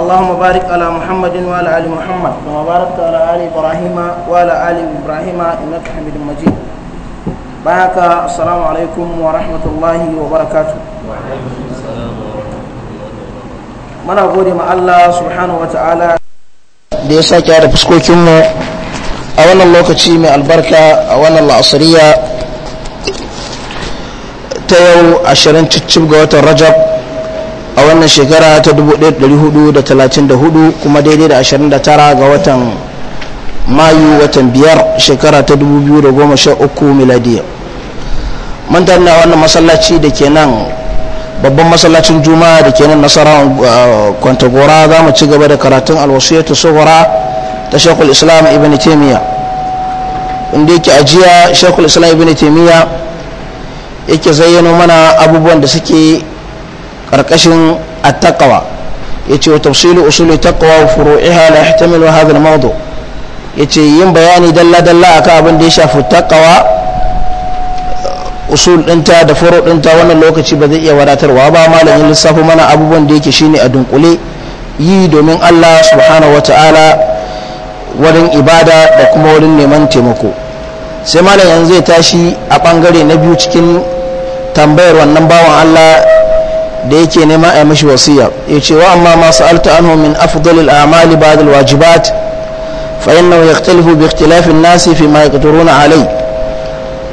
اللهم بارك على محمد وعلى ال محمد كما باركت على ال ابراهيم وعلى ال ابراهيم انك حميد مجيد بارك السلام عليكم ورحمه الله وبركاته muna gode ma Allah subhanahu wa ta'ala da ya sake da fuskokinmu a wannan lokaci mai albarka a wannan la'asariya ta yau ashirin cicci ga watan rajab a wannan shekara ta 1434 kuma daidai da 29 ga watan mayu watan biyar shekara ta 2013 miladiya mun na wannan masallaci da ke nan babban masallacin juma'a da ke nan nasara uh, kwantagora za mu ci gaba da karatun alwasiyatu tsohora ta shekul islam ibn taimiyya inda yake ajiya shekul islam ibn taimiyya yake zayyano mana abubuwan da suke ƙarƙashin attaqwa yace wa tafsilu usuli taqwa wa furu'iha la yahtamilu haɗin al ya ce yin bayani dalla dalla a akan abin da ya shafi taƙawa usul ɗinta da furu ɗinta wannan lokaci ba zai iya wadatarwa ba malamin lissafi mana abubuwan da yake ne a dunkule yi domin Allah subhana wa ta'ala wurin ibada da kuma wurin neman taimako sai malam yanzu zai tashi a bangare na biyu cikin tambayar wannan bawan Allah da yake nema a mashi wasiya ya ce wa amma ma sa'alta anhu min afdalil a'mali badal al-wajibat fa innahu yaxtalifu bi ikhtilafi nasi fi ma yaqdiruna alayh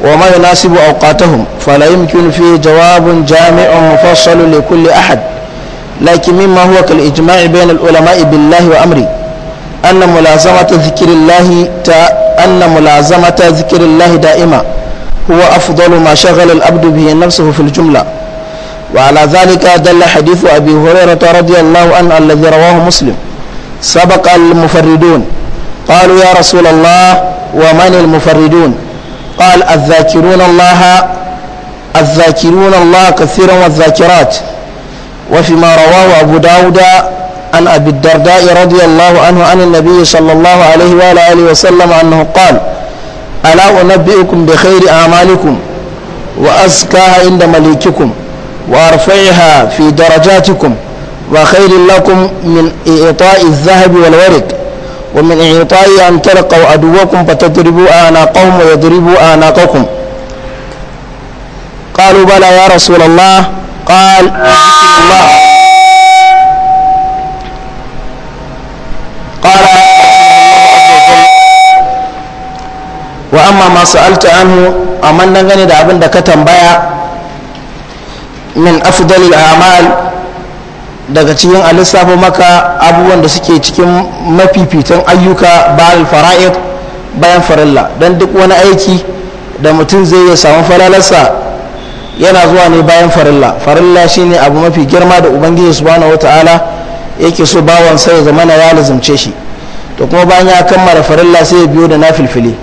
wa ma yunasibu awqatahum fala yumkinu fihi jawabun jami'un mufassalun li kulli ahad lakin mimma huwa kal ijma'i bayna al-ulama'i billahi wa amri anna mulazamata dhikrillahi ta anna mulazamata dhikrillahi da'ima huwa afdalu ma shaghal al-abdu bihi nafsuhu fil jumla وعلى ذلك دل حديث أبي هريرة رضي الله عنه الذي رواه مسلم سبق المفردون قالوا يا رسول الله ومن المفردون قال الذاكرون الله الذاكرون الله كثيرا والذاكرات وفيما رواه أبو داود عن أبي الدرداء رضي الله عنه عن النبي صلى الله عليه وآله وسلم أنه قال ألا أنبئكم بخير أعمالكم وأزكاها عند مليككم وارفعها في درجاتكم وخير لكم من إعطاء الذهب والورق ومن إعطاء أن تلقوا عدوكم فتضربوا أعناقهم ويضربوا أعناقكم قالوا بلى يا رسول الله قال وذكر الله قال وأما ما سألت عنه أمن نغني دا أبن دا كتن بيا min afdalil amal daga cikin alissafa maka abubuwan da suke cikin mafifitan ayyuka bayan fara'id bayan farilla don duk wani aiki da mutum zai ya samu falalarsa yana zuwa ne bayan farilla farilla shine abu mafi girma da ubangiji subhanahu wata'ala yake so bawan sai ya zama ya lazumce shi to kuma bayan ya kammala farilla sai ya biyo da nafilfili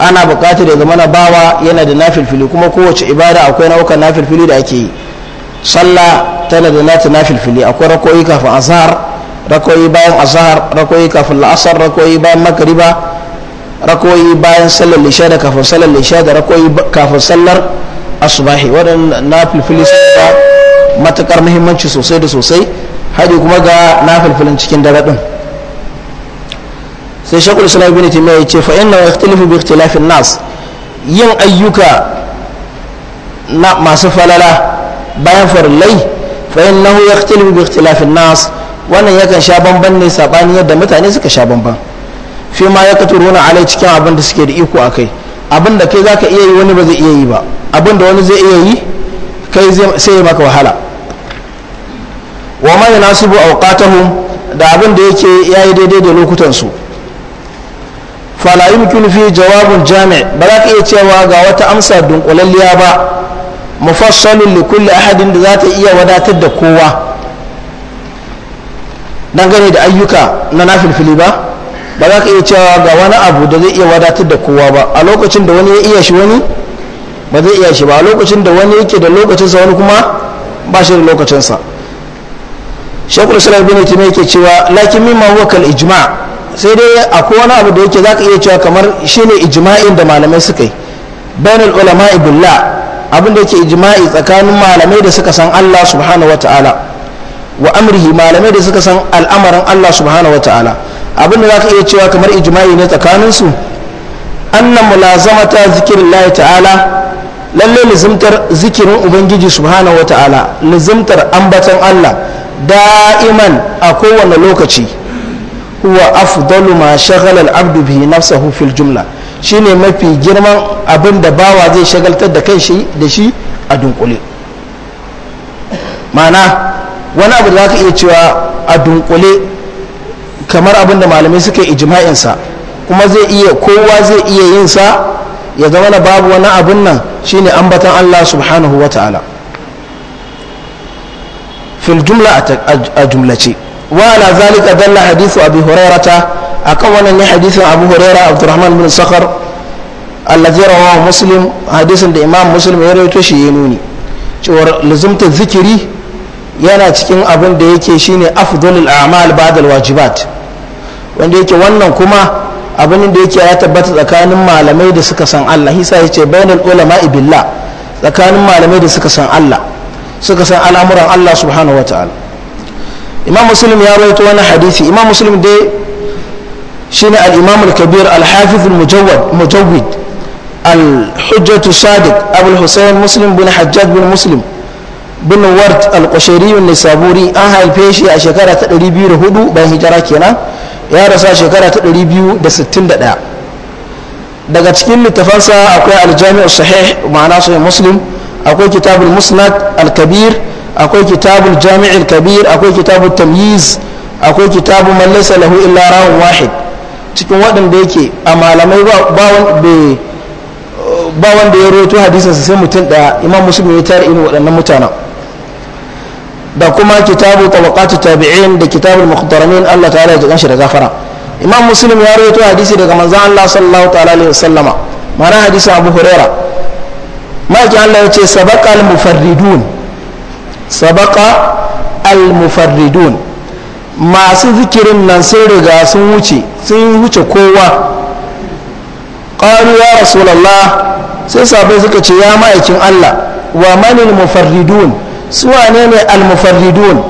ana buƙatar ya zamana bawa yana da nafilfili kuma kowace ibada akwai nau'ukan nafilfili da ake yi sallah tana da nata nafilfili akwai rakoyi kafin azhar rakoyi bayan azhar rakoyi kafin la'asar rakoyi bayan magriba rakoyi bayan sallar lisha da kafin sallar lisha da rakoyi kafin sallar asubahi waɗannan nafilfili sun da matuƙar muhimmanci sosai da sosai haɗi kuma ga nafilfilin cikin dare ɗin sai shakul islam ibn taymiya ce fa inna yakhtalifu bi ikhtilafin nas yin ayyuka na masu falala bayan farillai fa innahu bi ikhtilafin nas wannan yakan sha bamban ne sabani yadda mutane suka sha bamban fi ma ya katuruna alai cikin abin da suke da iko a kai abin da kai za ka iya yi wani ba zai iya yi ba abin da wani zai iya yi kai sai ya maka wahala wa ma yanasibu awqatahum da abin da yake yi daidai da lokutan su fala yumkinu fi jawabin jami'a ba za ka iya cewa ga wata amsa dunkulalliya ba mufassalun likulli ahadin da za ta iya wadatar da kowa dangane da ayyuka na nafilfili ba ba za ka iya cewa ga wani abu da zai iya wadatar da kowa ba a lokacin da wani ya iya shi wani ba zai iya shi ba a lokacin da wani yake da lokacinsa wani kuma ba shi da lokacinsa shekul salar bin timi yake cewa lakin mimma huwa kal ijma sai dai akwai wani abu da yake za ka iya cewa kamar shine ijma'in da malamai suka yi bainal ulama'i billah abin da yake ijma'i tsakanin malamai da suka san Allah subhanahu ta'ala wa amrihi malamai da suka san al'amarin Allah subhanahu ta'ala abin da zaka iya cewa kamar ijma'i ne tsakanin su anna mulazamata zikrillahi ta'ala lalle lazimtar zikirin ubangiji subhanahu ta'ala lazimtar ambaton Allah da'iman a kowane lokaci huwa afdalu ma shaghala abdu bihi nafsahu fil jumla Shi ne mafi girman abin da bawa zai shagaltar da kai shi da shi a dunkule ma'ana wani abu da za ka iya cewa a dunkule kamar abin da malamai suka yi ijima'insa, kuma zai iya kowa zai iya yin sa ya zama na babu wani abin nan shi ne ambatan Allah subhanahu wa ta'ala fil jumla a jumlace wa ala zalika dalla hadithu abi hurairata akan wannan ne hadisin abu huraira abdurrahman bin sakhar allazi rawahu muslim hadisin da imam muslim ya rawaito shi ya nuni cewa lazumta zikiri yana cikin abin da yake shine afdalul a'mal ba'da wajibat wanda yake wannan kuma abin da yake ya tabbata tsakanin malamai da suka san Allah hisa ya ce bainal ulama billah tsakanin malamai da suka san Allah suka san al'amuran Allah subhanahu wa imam muslim ya rawaito wani hadisi imam muslim dai shine al-imam kabir al-hafiz al-mujawwad mujawwid al-hujjat sadiq abu al-husayn muslim bin hajjaj bin muslim bin ward al-qushairi bin an haife shi a shekara ta 204 bayan hijira kenan ya rasa shekara ta ɗaya daga cikin littafansa akwai al-jami'u sahih ma'ana sahih muslim akwai kitabul musnad al-kabir akwai kitabul jami'il kabir akwai kitabul tamyiz akwai kitabu man laysa lahu illa rawun wahid cikin waɗanda yake a malamai ba wanda ya roto hadisinsa sai mutum ɗaya imam musulmi ya tara irin waɗannan mutanen da kuma kitabu tabaqatu tabi'in da kitabul muqtaramin Allah ta'ala ya ji shi da gafara imam muslim ya rawaito hadisi daga manzan Allah sallallahu ta'ala alaihi wasallama mana hadisi abu huraira maki Allah ya ce sabaqa al mufarridun sabaqa al mufarridun masu zikirin nan sun riga sun wuce sun wuce kowa ƙaruwa ya rasulallah sai sabai suka ce ya ma'aikin allah wa manil mufarridun wanene ne al mufarridun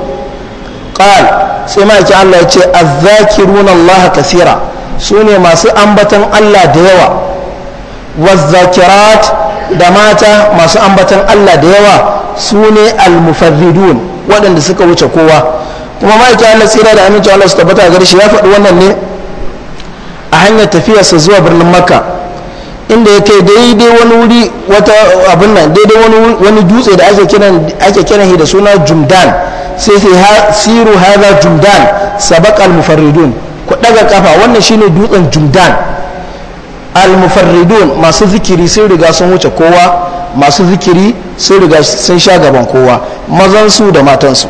ƙal sai ma'aikin allah ya ce azzakirun allah kasira su ne masu ambatan allah da yawa wazzakirat da mata masu ambatan allah da yawa su ne al-mufarridun waɗanda suka wuce kowa kuma ma'aikin Allah tsira da aminci Allah su tabbata gare shi ya faɗi wannan ne a hanyar tafiyarsa zuwa birnin makka inda ya kai daidai wani wuri wata abin nan daidai wani dutse da ake kiran ake kiran da suna jumdan sai sai siru hadha jumdan sabaq al mufarridun ku daga kafa wannan shine dutsen jumdan al mufarridun masu zikiri sun riga sun wuce kowa masu zikiri sun riga sun sha gaban kowa mazan su da matan su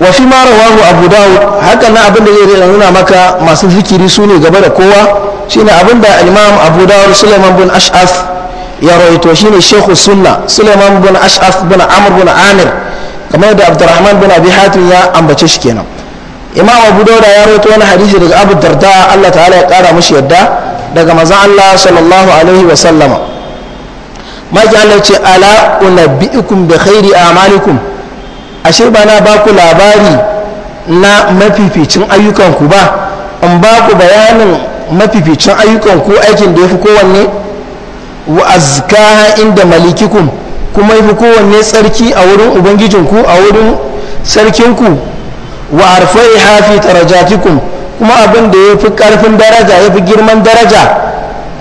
wa fi ma rawahu abu da'ud haka na abin da zai nuna maka masu zikiri su ne gaba da kowa shine abin da imam abu da'ud suleiman bin ash'af ya rawaito shine shehu sunna suleiman bin ash'af bin amr bin amir kamar da abdurrahman bin abi hatim ya ambace shi kenan imam abu da'ud ya rawaito wani hadisi daga abu darda Allah ta'ala ya kara mishi yadda daga maza Allah sallallahu alaihi wa sallama maki Allah ce ala unabbi'ikum bi khairi a'malikum ashe ba na ba ku labari na mafificin ayyukanku ba in ba ku bayanin mafificin ayyukanku aikin da ya fi kowanne wa azkaha inda malikikum kuma ya fi kowanne tsarki a wurin ubangijinku a wurin sarkinku wa arfai hafi tarajatikum kuma abin da ya fi karfin daraja ya fi girman daraja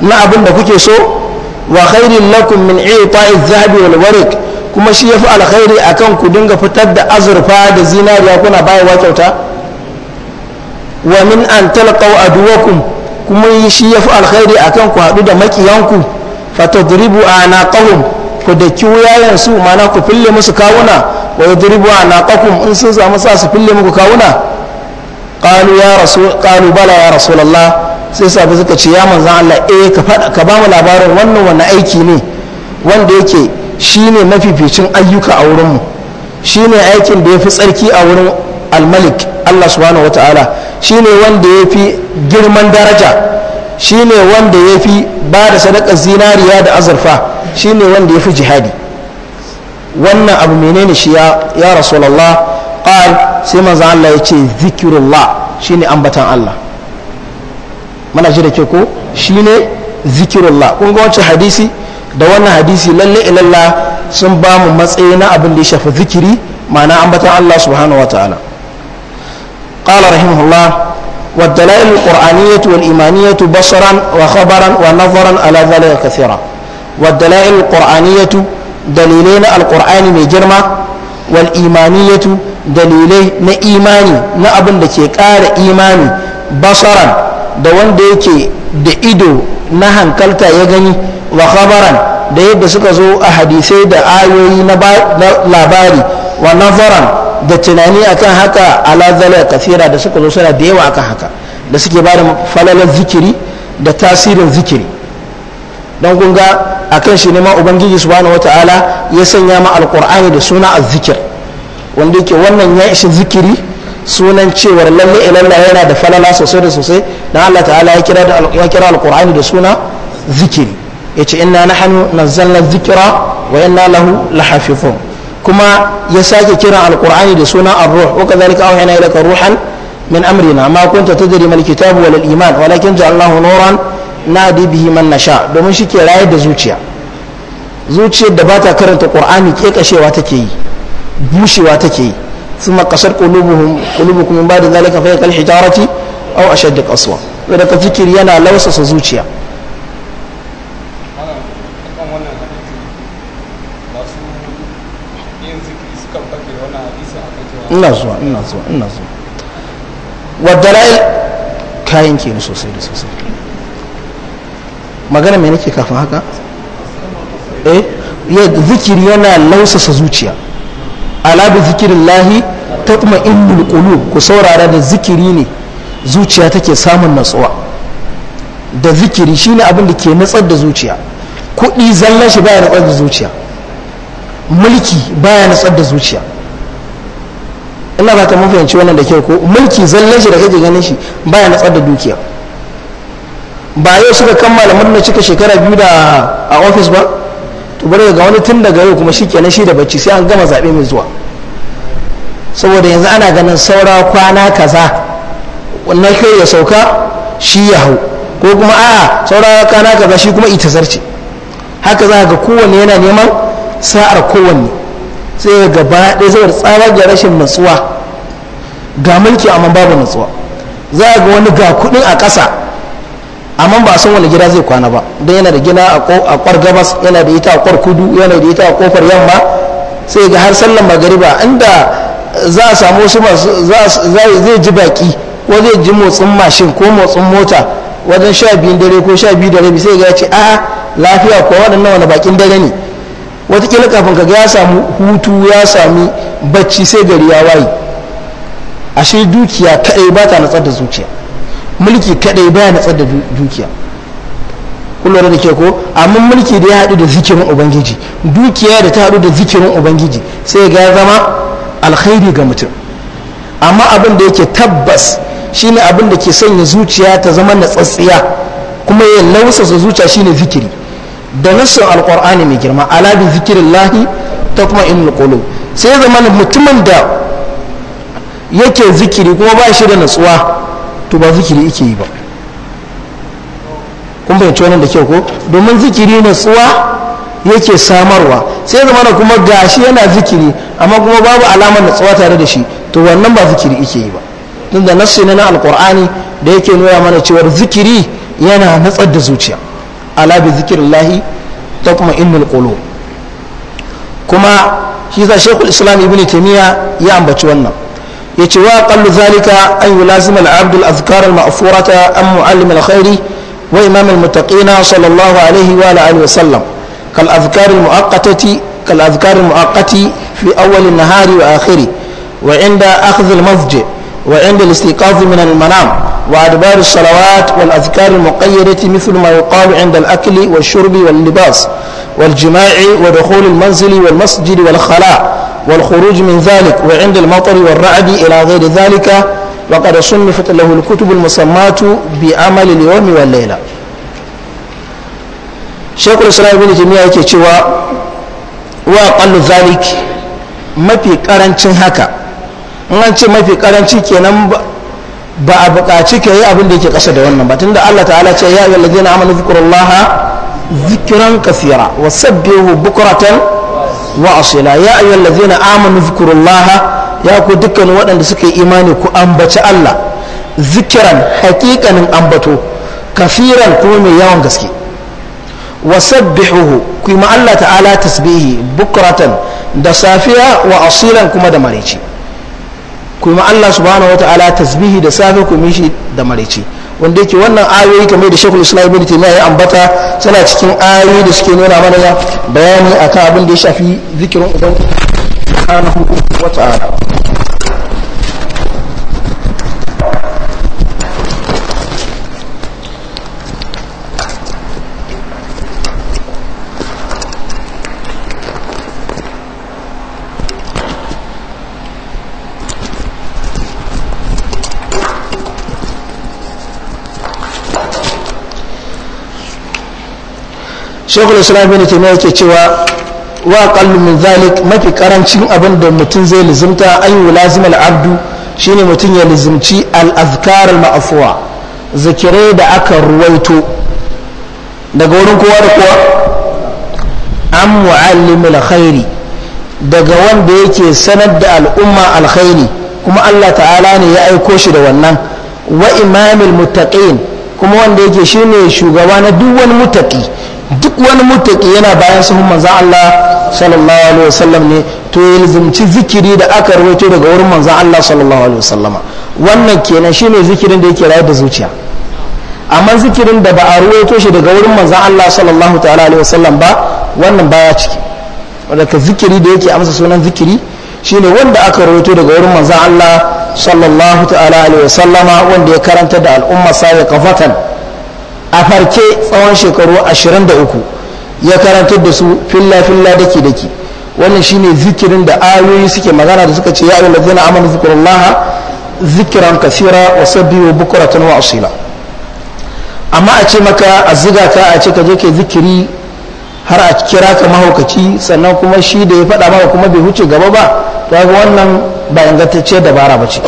na abin da kuke so wa khairin lakum min taiz zahabi wal warik kuma shi ya fi alkhairi a kan ku dinga fitar da azurfa da zinariya kuna bayarwa kyauta wa min an talqaw aduwakum kuma shi ya fi alkhairi a kan ku haɗu da makiyanku fatadribu anaqahum ku daki wuyayen su mana ku fille musu kawuna wa yadribu anaqakum in sun samu sa su fille muku kawuna qalu ya rasul qalu bala ya rasulullah sai sa suka ce ya manzan Allah eh ka ka ba mu labarin wannan wannan aiki ne wanda yake shine mafificin ayyuka a wurinmu shine aikin da ya fi tsarki a wurin almalik allah subhanahu wa ta'ala shine wanda ya fi girman daraja shine wanda ya fi ba da sadakar zinariya da azurfa shine wanda ya fi jihadi wannan abu menene shi ya rasulallah qal sai manzo allah ya ce zikirullah shine ambatan allah mana ji da ke ko shine zikirullah kun ga wacce hadisi da wannan hadisi lalle ilalla sun ba mu matsayi na abin da ya shafi zikiri ma'ana ambatan Allah subhanahu wa ta'ala qala rahimahullah wa dalail alqur'aniyyah wal imaniyyah basaran wa khabaran wa nazaran ala dhalika kathira wa dalail alqur'aniyyah dalilai na alqur'ani mai girma wal imaniyyah dalilai na imani na abin da ke ƙara imani basaran da wanda yake da ido na hankalta ya gani wa khabaran da yadda suka zo a hadisai da ayoyi na labari wa nazaran da tunani akan haka ala zalal kasira da suka zo suna da yawa akan haka da suke ba da falalar zikiri da tasirin zikiri don gunga a kan shi neman ubangiji subhanahu wata'ala ya sanya ma alkur'ani da suna azzikir wanda yake wannan ya ishi zikiri sunan cewar lalle ilalla yana da falala sosai da sosai dan Allah ta'ala ya kira alkur'ani da suna zikiri yace hannu na nazzalna zikira wa inna lahu lahafizun kuma ya sake kiran alkur'ani da suna ar-ruh wa kadhalika awhayna ilaka ruhan min amrina ma kunta tadri mal kitabu wal iman walakin ja'alnahu nuran nadi bihi man nasha domin shi ke rayar da zuciya zuciyar da ba ta karanta qur'ani kashewa take yi bushewa take yi ثم قصر قلوبهم قلوبكم من بعد ذلك فهي كالحجارة أو أشد قسوة ولك فكر ينا لوسس zuciya. ina zuwa ina zuwa ina zuwa kayan ke sosai da sosai magana mai nake kafin haka eh zikiri yana lausasa zuciya ala bi zikirin lahi ta kuma in ku saurara da zikiri ne zuciya take samun natsuwa da zikiri shine abin da ke natsar da zuciya kuɗi zallashi baya natsar da zuciya mulki baya natsar da zuciya ina ba ta mun fahimci wannan da kyau ko mulki zallan shi da kake ganin shi baya natsar da dukiya ba yau suka kammala da cika shekara biyu da a ofis ba to bari ga wani tun daga yau kuma shi kenan shi da bacci sai an gama zaɓe mai zuwa saboda yanzu ana ganin saura kwana kaza wannan kai ya sauka shi ya hau ko kuma a'a saura kwana kaza shi kuma ita zarce haka za ga kowanne yana neman sa'ar kowanne sai ga gaba ɗaya saboda tsarar da rashin natsuwa ga mulki amma babu nutsuwa za a ga wani ga kuɗin a ƙasa amma ba a san wani gida zai kwana ba don yana da gina a kwar gabas yana da ita a kwar kudu yana da ita a kofar yamma sai ga har sallan magariba inda za a samu wasu masu zai ji baki ko zai ji motsin mashin ko motsin mota wajen sha biyun dare ko sha biyu da sai ga ya ce a lafiya ko waɗannan wani bakin dare ne watakila kafin kaga ya samu hutu ya sami bacci sai gari ya waye ashe dukiya kadai ba ta natsar da zuciya mulki kadai ba ya natsar da dukiya kullum da ke ko amma mulki da ya haɗu da zikirin ubangiji dukiya da ta haɗu da zikirin ubangiji sai ga ya zama alkhairi ga mutum amma abin da yake tabbas shine abin da ke sanya zuciya ta zama natsatsiya kuma ya lausasa zuciya shine zikiri da nassin alkur'ani mai girma ala bi zikirin lahi ta kuma in qulub sai ya zama mutumin da yake zikiri kuma ba shi da natsuwa to ba zikiri ike yi ba kun fahimci wannan da kyau ko domin zikiri natsuwa yake samarwa sai zama na kuma gashi yana zikiri amma kuma babu alamar natsuwa tare da shi to wannan ba zikiri ike yi ba tunda nassi na alkur'ani da yake nuna mana cewa zikiri yana natsar da zuciya ala bi zikrillahi tatma'innul qulub kuma shi sa shekul islam ibn taimiyya ya ambaci wannan yace wa kallu zalika an yi lazim al'abdul azkar al-ma'furata an mu'allim al-khairi wa imam al-muttaqina sallallahu alaihi wa alihi wa sallam kal azkar al-mu'aqqatati kal azkar al-mu'aqqati fi awwal an-nahari wa akhiri wa inda akhdh al-mazj wa inda manam وأدبار الصلوات والأذكار المقيدة مثل ما يقال عند الأكل والشرب واللباس والجماع ودخول المنزل والمسجد والخلاء والخروج من ذلك وعند المطر والرعد إلى غير ذلك وقد صنفت له الكتب المسمات بعمل اليوم والليلة شيخ الإسلام بن تيمية يتشوى وأقل ذلك ما في كرنشن هكا ما في كي نمبر ba a buƙaci ka yi abin da yake ƙasa da wannan ba tunda Allah ta'ala ce ya yi ladina amanu zikrullaha zikran kathira wa sabbihu bukratan wa asila ya ayyuhal ladina amanu zikrullaha ya ku dukkan waɗanda suka yi imani ku ambaci Allah zikiran haƙiƙanin ambato kafiran kuma mai yawan gaske wa sabbihuhu ku yi ma Allah ta'ala tasbihi bukratan da safiya wa asilan kuma da maraici kuma Allah subhanahu ta'ala tasbihi da safe ku shi da maraice wanda yake wannan ayoyi kamar da Sheikhul Islam Ibn Taymiyyah ya ambata suna cikin ayoyi da suke nuna mana bayani akan abin da ya shafi zikirin ubangiji subhanahu ta'ala shekul islam bin taimiyya yake cewa wa kallu min zalik mafi karancin abin da mutum zai lizimta ayyu lazim al'abdu shine mutum ya lizimci al'azkar ma'afuwa zikirai da aka ruwaito daga wurin kowa da kowa an mu'allimul khairi daga wanda yake sanar da al'umma alkhairi kuma Allah ta'ala ne ya aiko shi da wannan wa imamil muttaqin kuma wanda yake shine shugaba na duk wani mutaki duk wani mutaki yana bayan sahun manzan Allah sallallahu alaihi wasallam ne to ya lazimci zikiri da aka rawaito daga wurin manzan Allah sallallahu alaihi wasallama wannan kenan shine zikirin da yake rayar da zuciya amma zikirin da ba a rawaito shi daga wurin manzan Allah sallallahu ta'ala alaihi wasallam ba wannan baya ciki wadaka zikiri da yake amsa sunan zikiri shine wanda aka rawaito daga wurin manzan Allah sallallahu ta'ala alaihi wasallama wanda ya karanta da al'umma sai kafatan a farke tsawon shekaru 23 ya karantar da su filla filla dake dake wannan shine zikirin da ayoyi suke magana da suka ce ya ayyuhal ladzina amanu zikrullaha zikran kaseera wa sabbihu bukratan wa asila amma a ce maka a ziga ka a ce ka je ke zikiri har a kira ka mahaukaci sannan kuma shi da ya faɗa maka kuma bai huce gaba ba to wannan ba ingantacciyar dabara ba ce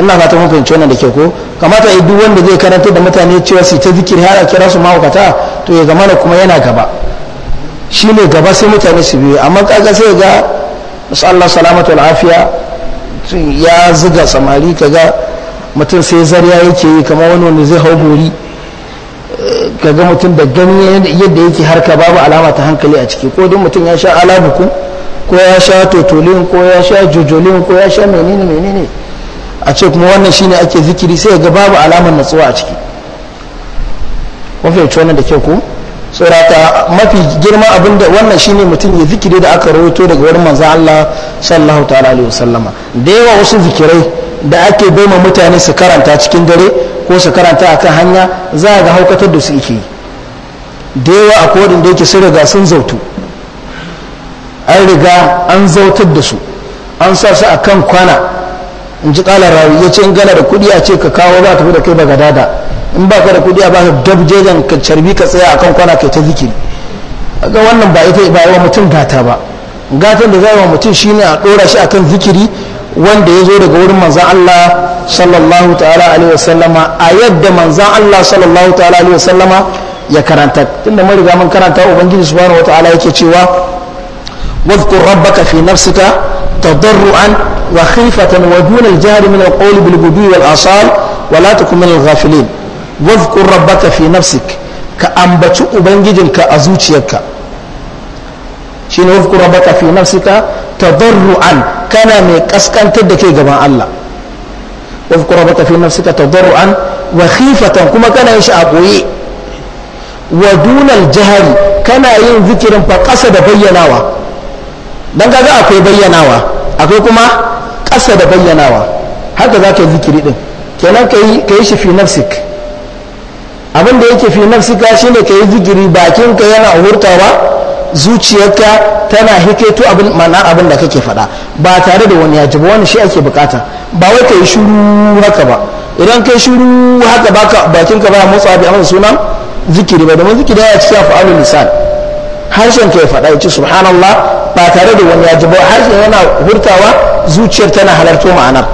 ina fata mun fahimci wannan da ke ko kamata ya duk wanda zai karanta da mutane cewa su ta zikiri har a kira su mahaukata to ya zamana kuma yana gaba shi ne gaba sai mutane su biyu amma kaga sai ga musu salamatu al'afiya ya ziga samari kaga mutum sai zariya yake yi kamar wani wanda zai hau gori kaga mutum da gani yadda yake harka babu alama ta hankali a ciki ko duk mutum ya sha alabuku ko ya sha totolin ko ya sha jojolin ko ya sha menene menene a ce kuma wannan shine ake zikiri sai ga babu alamar natsuwa a ciki wafiyar cewa da kyau ko tsorata mafi girma abinda wannan shine mutum ya zikiri da aka rahoto daga wani manzan Allah sallallahu ta'ala alaihi wasallama da yawa wasu zikirai da ake baima mutane su karanta cikin dare ko su karanta akan hanya za a ga haukatar da su yake da yawa a kodin da yake sun riga sun zautu an riga an zautar da su an sa su a kan kwana in ji ƙalar rawi ya ce in gana da kuɗi a ce ka kawo ba tafi da kai baga dada in ba ka da kuɗi a ba ka dabjejen ka carbi ka tsaya akan kwana kai ta zikiri ga wannan ba ita ba wa mutum gata ba gatan da zai wa mutum shine a ɗora shi kan zikiri wanda ya zo daga wurin manzan Allah sallallahu ta'ala alaihi sallama a yadda manzan Allah sallallahu ta'ala alaihi sallama ya karanta tunda mun riga mun karanta ubangiji subhanahu ta'ala yake cewa wadhkur rabbaka fi nafsika tadarruan وخيفة ودون الجهر من القول بالغدو والآصال ولا تكن من الغافلين واذكر ربك في نفسك كأنبت أبنجدك أزوتيك شين واذكر ربك في نفسك تضرعا كان من كسكن تدكي جماعة الله واذكر ربك في نفسك تضرعا وخيفة كما كان يشأبوي ودون الجهر كان ين ذكر فقصد بيناوا dan kaga akwai bayyanawa akwai kuma ƙasa da bayyanawa haka za ka yi zikiri ɗin kenan ka yi shi fi nafsik abin da yake fi nafsika shine ka yi zikiri bakinka yana hurtawa zuciyarka tana hikaito abin mana abin da kake faɗa ba tare da wani yaji ba wani shi ake bukata ba wai ka yi shuru haka ba idan ka yi shuru haka baka bakinka ba motsa bi amma sunan zikiri ba domin zikiri yana cikin fa'alul lisan harshen ka ya faɗa ya ci subhanallah ba tare da wani ya ji ba harshen yana hurtawa zuciyar tana halarto ma'anar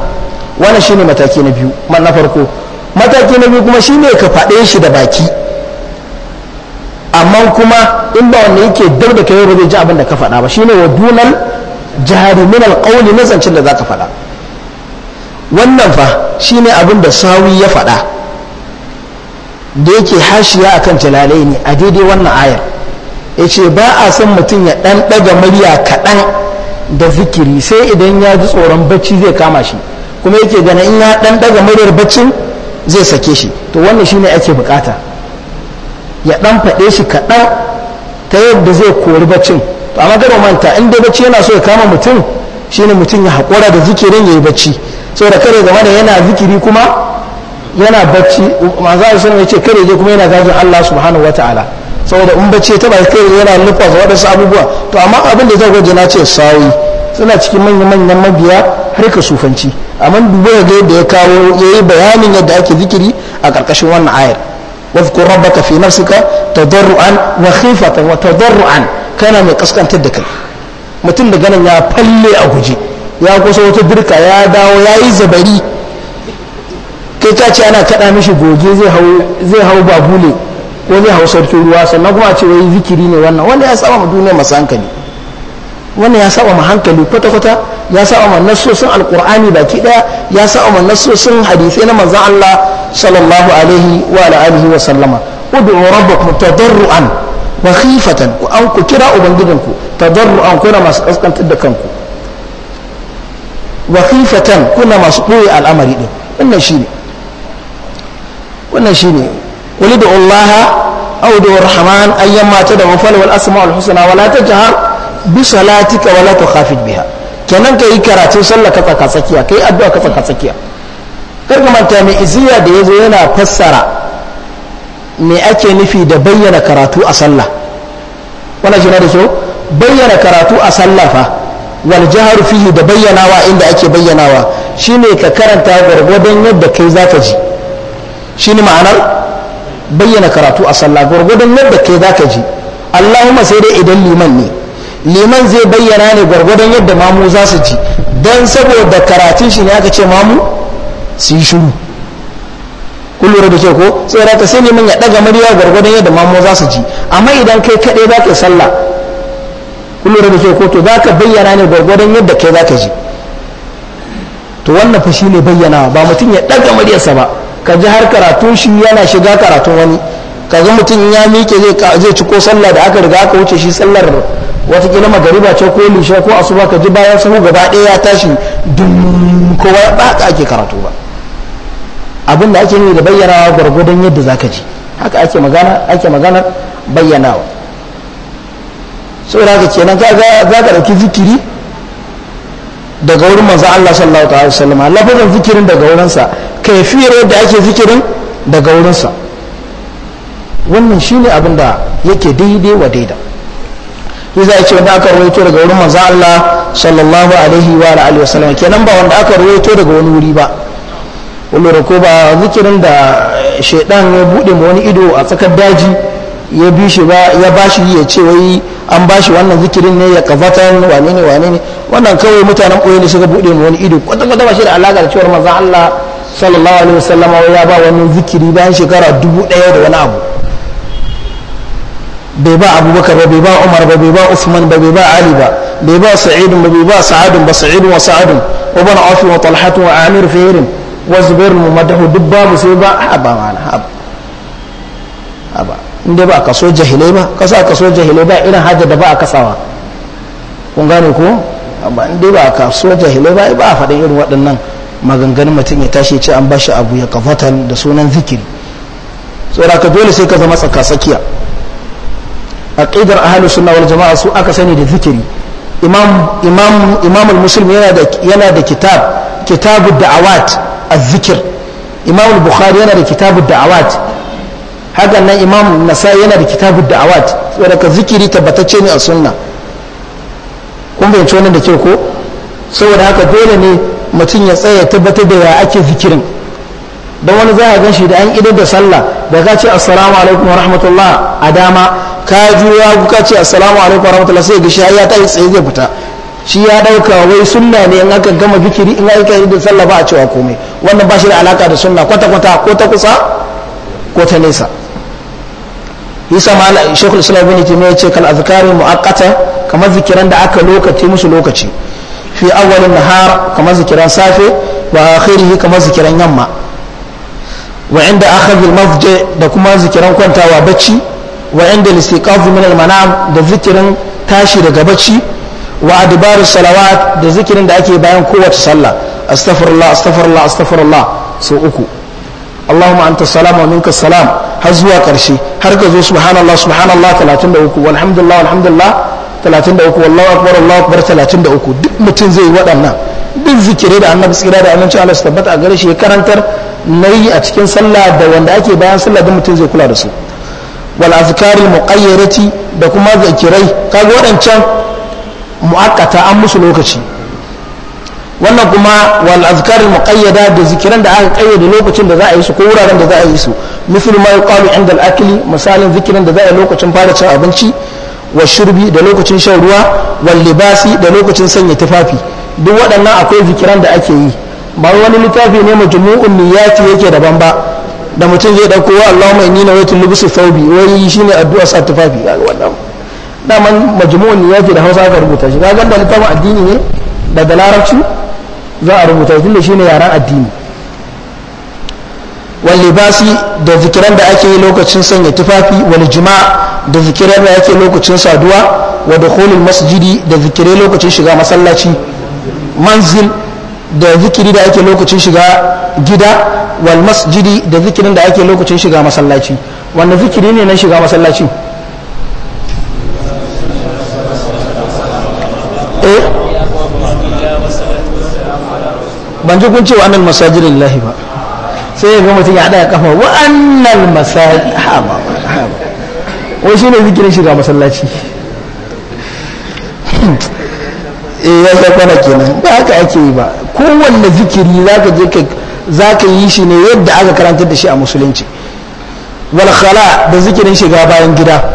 wannan shine mataki na biyu na farko mataki na biyu kuma shine ka faɗe shi da baki amma kuma in ba wanda yake dab da kai ba zai ji abin da ka faɗa ba shine wa dunal jahari min alqawli na zancen da zaka faɗa wannan fa shine abin da sawi ya faɗa da yake hashiya akan jalalaini a daidai wannan ayar ya ce ba a son mutum ya ɗan ɗaga murya kaɗan da zikiri sai idan ya ji tsoron bacci zai kama shi kuma yake gana in ya ɗan ɗaga muryar baccin zai sake shi to wannan shine ake bukata ya ɗan faɗe shi kaɗan ta yadda zai kori baccin to amma gaba manta in dai bacci yana so ya kama mutum shine mutum ya haƙura da zikirin ya yi bacci saboda kare game da yana zikiri kuma yana bacci manzo Allah ya ce kare je kuma yana zagin Allah subhanahu wataala saboda in bace ta baki kai yana nufa ga waɗansu abubuwa to amma abin da zai gwaje na ce sawi suna cikin manya-manyan mabiya har ka sufanci amma duba ga yadda ya kawo ya yi bayanin yadda ake zikiri a ƙarƙashin wannan ayar fi nafsika tadarru'an wa khifatan wa tadarru'an kana mai kaskantar da kai mutum da ganin ya falle a guje ya kusa wata birka ya dawo ya yi zabari kai ka ce ana kaɗa mishi goge zai hau babule ko zai hau sarkin ruwa sannan kuma ce wai zikiri ne wannan wanda ya saba ma duniya masu hankali wannan ya saba ma hankali kwata-kwata ya saba ma nasosin alkur'ani baki daya ya saba ma nasosin hadisai na manzon Allah sallallahu alaihi wa alihi wa sallama ud'u rabbakum tadarruan wa khifatan ku an ku kira ubangijinku tadarruan kuna masu kaskantar da kanku wa khifatan kuna masu koyi al'amari din wannan shine wannan shine qul ud'u allaha أو دو الرحمن أيما تدعو فله الأسماء الحسنى ولا تجهر بصلاتك ولا تخافت بها kenan ka yi karatun sallah ka tsaka tsakiya ka yi addu'a ka tsaka tsakiya karka manta mai iziya da ya zo yana fassara me ake nufi da bayyana karatu a sallah wannan shi da kyau bayyana karatu a sallah fa wal jahar fihi da bayyanawa inda ake bayyanawa shine ka karanta gwargwadon yadda kai zaka ji shine ma'anar bayyana karatu a sallah gwargwadon yadda kai za ka ji allahumma sai dai idan liman ne liman zai bayyana ne gwargwadon yadda mamu za su ji don saboda karatun shi ne aka ce mamu su yi shuru kun da ke ko tsira ta sai liman ya daga murya gwargwadon yadda mamu za su ji amma idan kai kaɗai za ka sallah kun da ke ko to za ka bayyana ne gwargwadon yadda kai za ka ji to wannan fashi ne bayyana ba mutum ya daga muryarsa ba ka ji har karatun shi yana shiga karatun wani ka zo mutum ya miƙe zai ci ko sallah da aka riga aka wuce shi sallar watakila magariba ce ko lishe ko asuba ka ji bayan sahu gaba ɗaya ya tashi dun kowa ba ka ake karatu ba abin da ake yi da bayyanawa gwargwadon yadda za ka ji haka ake magana ake magana bayyanawa saboda haka kenan za ka ɗauki zikiri daga wurin manzon Allah sallallahu alaihi wasallam lafazin zikirin daga wurinsa kaifiyar da ake zikirin daga wurinsa wannan shine abin da yake daidai wa daida shi za a ce wanda aka rawaito daga wurin manzo Allah sallallahu alaihi wa alihi sallam kenan ba wanda aka rawaito daga wani wuri ba wani ko ba zikirin da shaidan ya bude ma wani ido a tsakar daji ya bi shi ba ya bashi ya ce wai an bashi wannan zikirin ne ya kafatan wane ne wane ne wannan kawai mutanen koyi ne suka bude ma wani ido kwata kwata ba shi da alaka da cewar manzo Allah sallallahu alaihi wasallama ya ba wannan zikiri bayan shekara dubu ɗaya da wani abu bai ba abubakar ba bai ba umar ba bai ba usman ba bai ba ali ba bai ba sa'idun ba bai ba sa'adun ba sa'idun wa sa'adun wa bana afi wa talhatu wa amir fairin wa zubair mu madahu duk babu sai ba haba mana haba haba inda ba kaso jahilai ba kasa kaso jahilai ba irin hajjar da ba a kasawa kun gane ko amma inda ba kaso jahilai ba ba a faɗin irin waɗannan maganganun mutum ya tashi ce an bashi abu ya kafatan da sunan zikiri tsora ka dole sai ka zama tsaka tsakatsakiya aqidar ahlus sunna wal jama'a su aka sani da zikiri imam imam imam al-muslim yana da yana da kitab kitab daawat az-zikr imam al-bukhari yana da kitabu daawat haka nan imam nasai yana da kitabu daawat tsora ka zikiri tabbatacce ne a sunna kun bayyana wannan da ke ko saboda haka dole ne mutum ya tsaya tabbatar da ya ake zikirin don wani za a gan shi da an idar da sallah da ka ce assalamu alaikum wa rahmatullah a dama ka juya ka ce assalamu alaikum wa rahmatullah sai ga shi ya ta yi tsaye zai fita shi ya dauka wai sunna ne in aka gama zikiri in aka yi da sallah ba a cewa komai wannan ba shi da alaka da sunna kwata kwata ko ta kusa ko ta nesa yasa ma Sheikhul islam bin ya ce kal azkari muaqqata kamar zikiran da aka lokaci musu lokaci fi awwalin nahar kamar zikiran safe wa akhirihi kamar zikiran yamma wa inda akhadhil mafje da kuma zikiran kwantawa bacci wa inda listiqaf min al manam da zikirin tashi daga bacci wa adbaru salawat da zikirin da ake bayan kowace sallah astaghfirullah astaghfirullah astaghfirullah sau uku Allahumma anta salam wa minka salam har zuwa karshe har ka zo subhanallah subhanallah 33 walhamdulillah walhamdulillah 33 wallahu akbar Allahu akbar 33 duk mutum zai waɗannan duk zikire da annabi tsira da annabi Allah su tabbata a gare shi ya karantar nayi a cikin sallah da wanda ake bayan sallah duk mutum zai kula da su wal azkaril muqayyarati da kuma zikirai kaga waɗancan muakkata an musu lokaci wannan kuma wal azkaril muqayyada da zikiran da aka kayyade lokacin da za a yi su ko wuraren da za a yi su misali ma yuqalu inda al akli misalin zikirin da za a yi lokacin fara cin abinci wa shurbi da lokacin shan ruwa wa libasi da lokacin sanya tufafi duk waɗannan akwai zikiran da ake yi ba wani littafi ne jumu'un niyyati yake daban ba da mutum zai dauko wa mai nina nawaitu libsu thawbi wai shine addu'a sa tufafi ga wannan daman majmu'un niyyati da Hausa aka rubuta shi kaga da littafin addini ne da larabci za a rubuta shi shine yaran addini wal libasi da zikiran da ake yi lokacin sanya tufafi wal jima'a da zikirai da yake lokacin saduwa wa dukhulul masjidi da zikirai lokacin shiga masallaci manzil da zikiri da yake lokacin shiga gida wal masjidi da zikirin da yake lokacin shiga masallaci wanda zikiri ne na shiga masallaci eh? ban ji kun ce wa annal lahi ba sai ya ga mutum ya haɗa kafa wa annal masajid ha ba ha ba wai shi ne zikirin shiga masallaci eh ya kwana kenan ba haka ake yi ba kowanne zikiri zaka je zaka yi shi ne yadda aka karantar da shi a musulunci wal khala da zikirin shiga bayan gida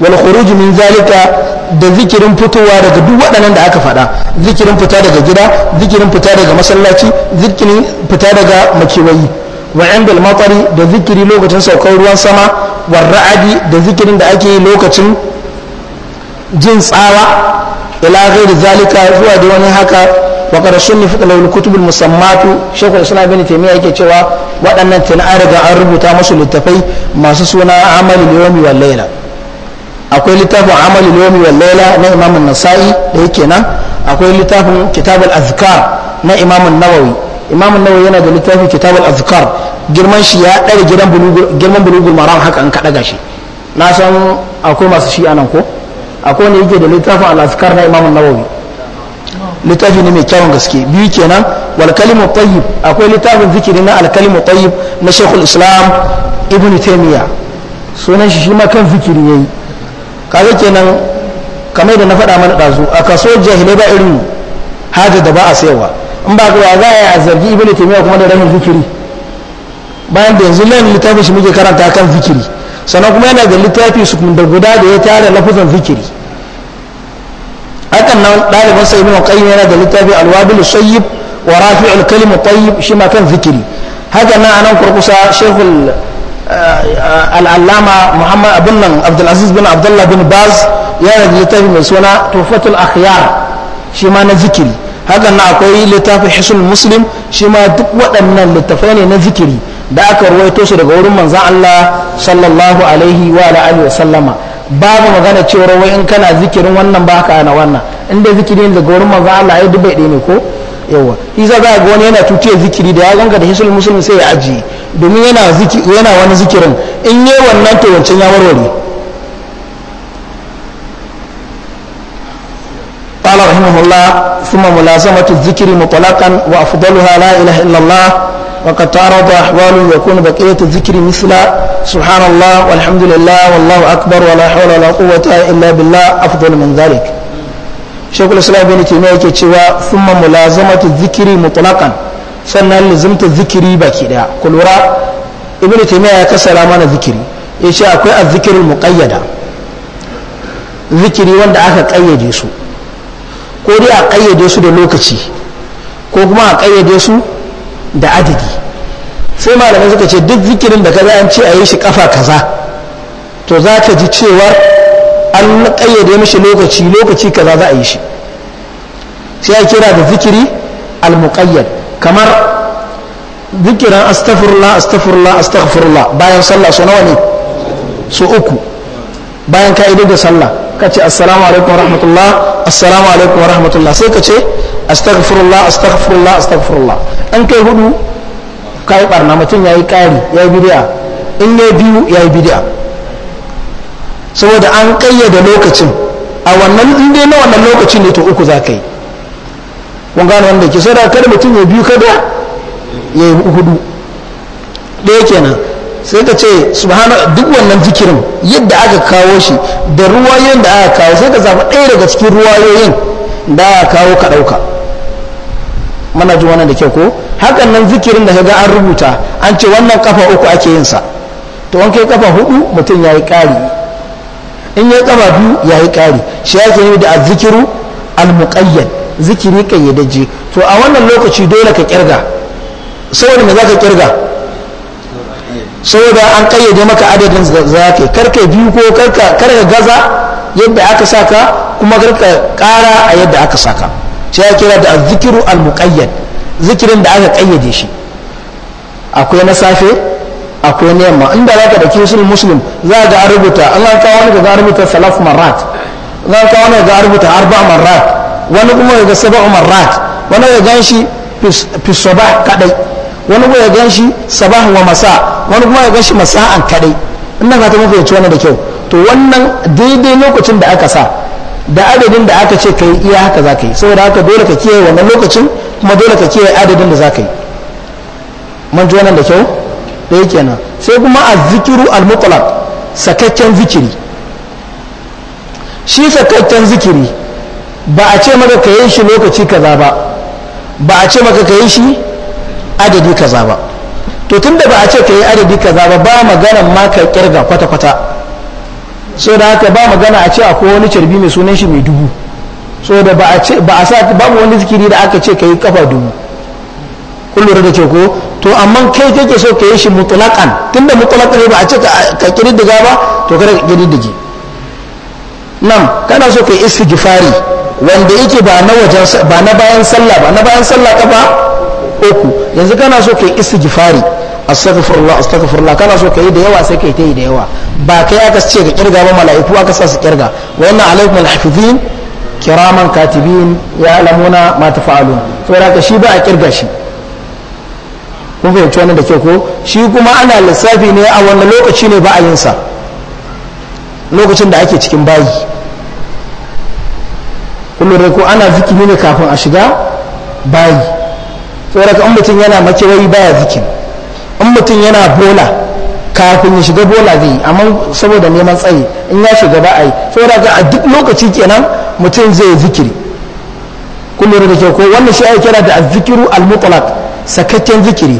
wal khuruj min zalika da zikirin fitowa daga duk waɗannan da aka faɗa zikirin fita daga gida zikirin fita daga masallaci zikirin fita daga makewayi wa inda matari da zikiri lokacin saukar ruwan sama wa ra'adi da zikirin da ake yi lokacin jin tsawa ila ghairi zalika zuwa da wani haka wa qarashun ni fuka lawul kutubul musammatu shaykh al-islam ibn taymiya yake cewa waɗannan tun an riga an rubuta musu littafai masu suna amalul yawmi wal layla akwai littafin amalul yawmi wal layla na imam an-nasa'i da yake nan akwai littafin kitabul azkar na imam an-nawawi imam an-nawawi yana da littafin kitab al-azkar girman shi ya dare gidan bulugul girman bulugul maram haka an kada gashi na san akwai masu shi anan ko akwai wanda yake da littafin al-azkar na imam an-nawawi littafi ne mai kyawun gaske biyu kenan wal kalimu tayyib akwai littafin zikiri na al kalimu tayyib na shaykhul islam ibnu taymiya sunan shi shi ma kan zikiri yayi kaga kenan kamar da na faɗa mana ɗazu a kaso jahilai ba irin haja da ba a sayarwa in ba ga za a zargi ibnu taymiya kuma da rahin zikiri bayan da yanzu nan littafin shi muke karanta kan zikiri sannan kuma yana da littafi su da guda da ya tare lafazan zikiri hakan nan ɗaliban sai kai qayyim yana da littafi alwabil sayyib wa rafi'ul kalim tayyib shi ma kan zikiri haka nan anan kurkusa shehul eh, al'allama muhammad abin nan abdulaziz bin abdullah bin baz yana da littafi mai suna tufatul akhyar shi ma na zikiri hakan na akwai littafin hisul muslim shi ma duk waɗannan littafai ne na zikiri da aka ruwaito su daga wurin manzan Allah sallallahu alaihi wa alihi wa sallama babu magana cewa wai in kana zikirin wannan ba ka na wannan inda zikiri ne daga wurin manzan Allah ai dubai ɗaya ne ko yawa isa za ga wani yana tuce zikiri da ya ganga da hisul muslim sai ya ajiye domin yana wani zikirin in yi wannan to wancan ya warware قال رحمه الله ثم ملازمة الذكر مطلقا وأفضلها لا إله إلا الله وقد تعرض أحوال يكون بقية الذكر مثل سبحان الله والحمد لله والله أكبر ولا حول ولا قوة إلا بالله أفضل من ذلك شيخ الإسلام بن تيمية كتشوى ثم ملازمة الذكر مطلقا sannan lizimta zikiri baki daya ku lura ibnu taymiya ya kasara mana zikiri yace akwai azzikirul muqayyada zikiri wanda aka kayyade su ko dai a kayyade su da lokaci ko kuma a ƙayyade su da adadi sai malamai suka ce duk zikirin da kaza an ce a yi shi kafa kaza to za ka ji cewar an ƙayyade mishi lokaci lokaci kaza za a yi shi sai a kira da zikiri al kamar zikiran astaghfirullah astaghfirullah astaghfirullah bayan sallah su nawa ne su uku bayan ka'idar da sallah ka ce assalamu alaikum rahmatullah assalamu alaikum rahmatullah sai ka ce astaghfirullah astaghfirullah astaghfirullah an kai hudu kai barna mutum yayi kari yayi bid'a in ne biyu yayi bid'a saboda an kayyade lokacin a wannan in dai na wannan lokacin ne to uku za ka yi kun gane wanda ke sai da kada mutum ya biyu kada ya yi hudu ɗaya kenan sai ka ce subhana duk wannan zikirin yadda aka kawo shi da ruwayoyin da aka kawo sai ka zaɓi ɗaya daga cikin ruwayoyin da aka kawo ka ɗauka mana ji wannan da kyau ko hakan nan zikirin da ga an rubuta an ce wannan kafa uku ake yin sa to an kai kafa hudu mutum ya yi ƙari in ya kafa biyu ya yi ƙari shi ya ke yi da azikiru almuƙayyad zikiri ƙayyadajje to a wannan lokaci dole ka ƙirga saboda me za ka ƙirga. saboda an kayyade maka adadin zafi karka biyu ko karka gaza yadda aka saka kuma karka kara a yadda aka saka sai ya kira da zikiru al-muqayyad zikirin da aka kayyade shi akwai na safe akwai na yamma inda zaka da kisul muslim za ga an rubuta an an kawo wani ga rubuta salaf marrat an an kawo wani ga rubuta arba marrat wani kuma ga sab'u marrat wani ga ganshi fi sabah kadai wani kuma ga ganshi sabah wa masa wani kuma ya gashi masa'an kadai ina ka mafi fahimci wani da kyau to wannan daidai lokacin da aka sa da adadin da aka ce kai iya haka za ka yi saboda haka dole ka kiyaye wannan lokacin kuma dole ka kiyaye adadin da za ka yi mun ji wannan da kyau da eh, yake nan sai kuma zikiru al-mutlaq sakakken zikiri shi sakakken zikiri ba a ce maka ka yi shi lokaci kaza ba ba a ce maka ka yi shi adadi kaza ba to tun da ba a ce ka yi adadi kaza ba ba maganan ma ka kirga kwata-kwata so da haka ba magana a ce akwai wani carbi mai sunan shi mai dubu so da ba a ce ba a sa babu wani zikiri da aka ce ka yi kafa dubu kun lura da ce ko to amma kai kake so ka yi shi mutlaƙan tun da mutlaƙan ba a ce ka kididdiga ba to kada ka kididdige nan kana so ka yi istighfari wanda yake ba na wajen ba na bayan sallah ba na bayan sallah kafa uku yanzu kana so ka yi istighfari astaghfirullah astaghfirullah kana so kai da yawa sai kai ta yi da yawa ba kai aka ce ga kirga ba mala'iku aka sa su kirga wa inna alaikum alhafizin kiraman katibin ya alamuna ma tafa'alun saboda ka shi ba a kirga shi kun fahimci wannan da ke ko shi kuma ana lissafi ne a wannan lokaci ne ba a yin sa lokacin da ake cikin bayi kullum ko ana zikiri ne kafin a shiga bayi saboda ka in mutum yana makewayi baya zikiri in mutum yana bola kafin ya shiga bola zai yi amma saboda neman tsayi in ya shiga ba a yi saboda ga a duk lokaci kenan mutum zai zikiri kullum da ke ko wannan shi ake kira da azzikiru al-mutlaq sakakken zikiri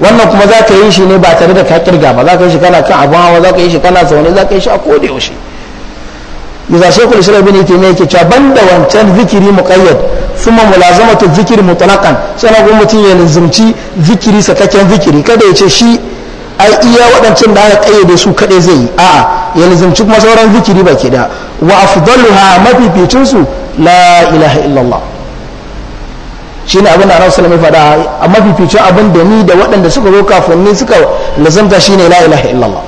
wannan kuma za ka yi shi ne ba tare da ka kirga ba za ka yi shi kana kan abun hawa za ka yi shi kana zaune za ka yi shi a koda yaushe yaza shekul islam bin yake ne yake cewa banda wancan zikiri muqayyad thumma mulazamatu zikiri mutlaqan sannan ga mutum ya lazumci zikiri sakakken zikiri kada ya ce shi ai iya waɗancan da aka kayyade su kaɗai zai yi a'a ya lazumci kuma sauran zikiri baki da wa afdaluha mafificin su la ilaha illallah ne abin da Annabi sallallahu alaihi wasallam faɗa a mafificin abin da ni da waɗanda suka zo kafin ni suka lazumta shine la ilaha illallah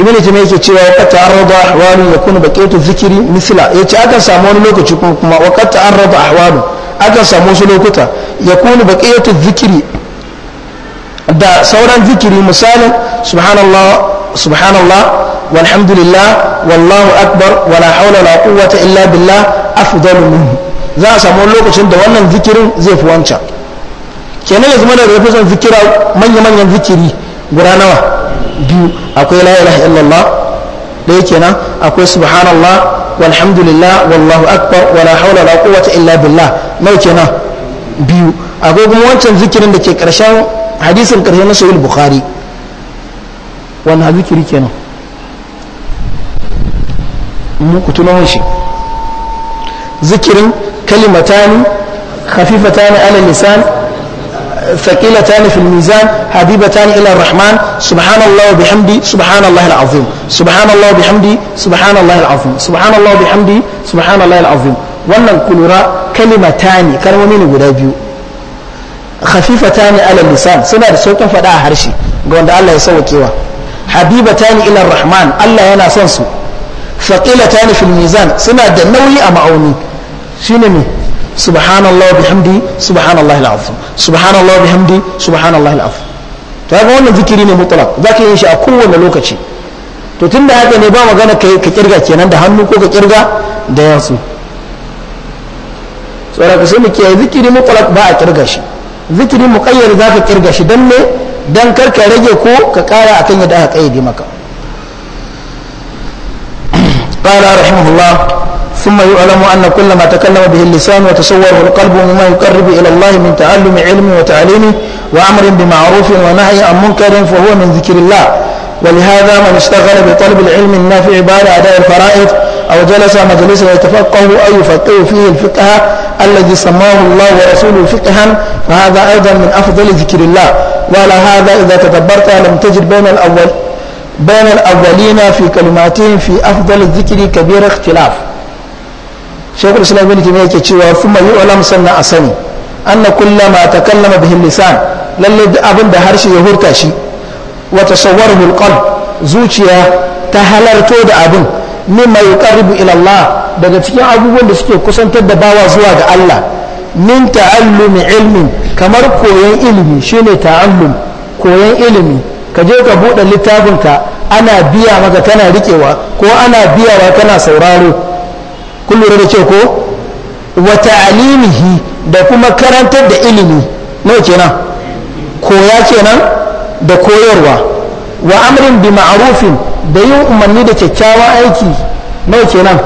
ibn jami yake cewa wa qad ta'arrada ahwalu yakunu baqiyatu dhikri misla yace aka samu wani lokaci ko kuma wa qad ta'arrada ahwalu aka samu su lokuta yakunu baqiyatu dhikri da sauran zikiri misalin subhanallah subhanallah walhamdulillah wallahu akbar wala haula wala quwwata illa billah afdalu minhu za a samu lokacin da wannan zikirin zai fi wancan kenan yanzu mana da yafi zikira manya manyan zikiri guda nawa biyu akwai la ilaha illallah ɗaya kenan akwai subhanallah walhamdulillah wallahu akbar wala hawla wala quwwata illa billah mai kenan biyu akwai kuma wancan zikirin da ke karshen hadisin karshe na sahih bukhari wannan zikiri kenan mu ku tuno shi zikirin kalimatani khafifatani ala lisan ثقيلتان في الميزان حبيبتان إلى الرحمن سبحان الله وبحمدي سبحان الله العظيم سبحان الله وبحمدي سبحان الله العظيم سبحان الله وبحمدي سبحان الله العظيم wannan kulura kalima kalmomi ne guda biyu khafifa ala lisan suna da sauƙin faɗa a harshe ga wanda Allah ya sauƙewa habiba ila rahman Allah yana son su faqila fil mizan suna da nauyi a ma'auni shine subhanallah bihamdi subhanallah al'azim subhanallah bihamdi subhanallah al'azim to haka wannan zikiri ne mutlaq zaka yi shi a kowane lokaci to tun da haka ne ba magana ka ka kirga kenan da hannu ko ka kirga da yatsu tsara ka sai mu kiyaye zikiri mutlaq ba a kirga shi zikiri muqayyad ka kirga shi dan ne dan kar ka rage ko ka kara akan yadda aka kayyade maka قال رحمه ثم يعلم أن كل ما تكلم به اللسان وتصوره القلب مما يقرب إلى الله من تعلم علم وتعليم وأمر بمعروف ونهي عن منكر فهو من ذكر الله ولهذا من اشتغل بطلب العلم النافع بعد أداء الفرائض أو جلس مجلسا يتفقه أو يفقه فيه الفقه الذي سماه الله ورسوله فقها فهذا أيضا من أفضل ذكر الله وعلى هذا إذا تدبرت لم تجد بين الأول بين الأولين في كلماتهم في أفضل الذكر كبير اختلاف shekul islam ibn taymiya yake cewa kuma yu'lam sannan a sani anna kullama takallama bihin lisan lalle da abin da harshe ya hurta shi wa tasawwaruhu alqalb zuciya ta halarto da abin mimma yuqarribu ila Allah daga cikin abubuwan da suke kusantar da bawa zuwa ga Allah min ta'allumi ilmin kamar koyon ilimi shine ta'allum koyon ilimi ka je ka buɗe littafinka ana biya maka tana rikewa ko ana biyawa kana sauraro kun lura da ce ko wa ta'limihi da kuma karantar da ilimi nawa kenan koya kenan da koyarwa wa amrin bi ma'rufin da yin umarni da kyakkyawan aiki nawa kenan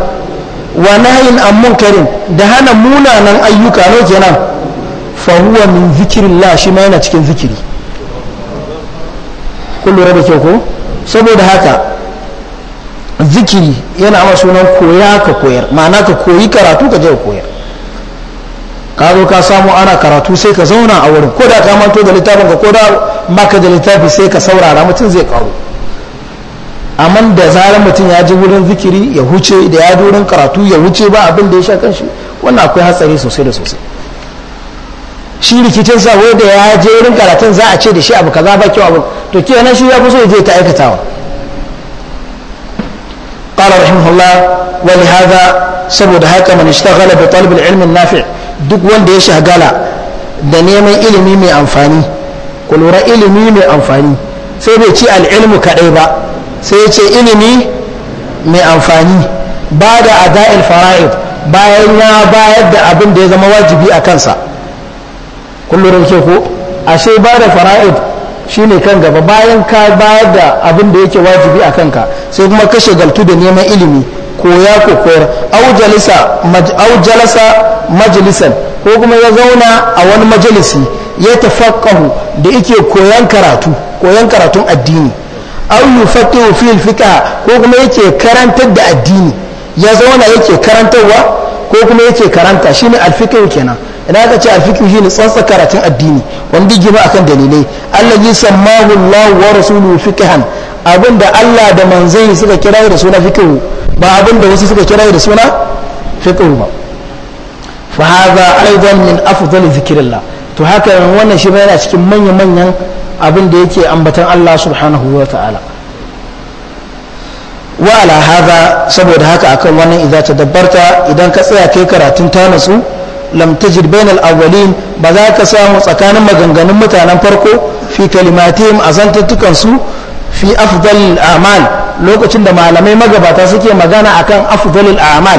wa nahyin an munkarin da hana munanan ayyuka nawa kenan fa huwa min zikrillah shi ma yana cikin zikiri kun lura da ke ko saboda haka zikiri yana ma sunan koya ka koyar ma'ana ka koyi karatu ka je ka koyar ka zo ka samu ana karatu sai ka zauna a wurin ko da ka manto da littafin ka ko da ka da littafi sai ka saurara mutum zai karu amma da zarar mutum ya ji wurin zikiri ya huce da ya ji wurin karatu ya huce ba abin da ya sha kanshi wannan akwai hatsari sosai da sosai shi rikicin sa da ya je wurin karatun za a ce da shi abu kaza ba kyau abu to kenan shi ya fi so ya je ta aikatawa قال رحمه الله ولهذا saboda haka man ishtaghala bi talab al-ilm an-nafi' duk wanda ya shagala da neman ilimi mai amfani ku lura ilimi mai amfani sai bai ci al-ilmu kadai ba sai yace ce ilimi mai amfani ba da ada'il fara'id bayan ya bayar da abin da ya zama wajibi a kansa ku lura ko ashe ba da fara'id shine kan gaba bayan ka bayar da abin da yake wajibi a kanka sai kuma ka shagaltu da neman ilimi koya ko koyar au jalasa majalisan ko kuma ya zauna a wani majalisi ya tafaqahu da yake koyan karatu koyan karatun addini au yufaqihu fil fiqh ko kuma yake karantar da addini ya zauna yake karantarwa ko kuma yake karanta shine al kenan ina ka ce alfiqhu shine tsantsa karatun addini wanda yake akan dalilai allazi sammahu Allah wa rasuluhu fiqhan abinda Allah da manzai suka kira da suna fiqhu ba abinda wasu suka kira da suna fiqhu ba fa hadha aidan min afdal zikrillah to haka wannan shi yana cikin manyan manyan abin da yake ambatan Allah subhanahu wa ta'ala wa ala hadha saboda haka akan wannan ta dabbarta idan ka tsaya kai karatun ta nasu lam tajid bainal awwalin ba za ka samu tsakanin maganganun mutanen farko fi kalimatihim a zantattukan su fi afdalil a'mal lokacin da malamai magabata suke magana akan afdalil a'mal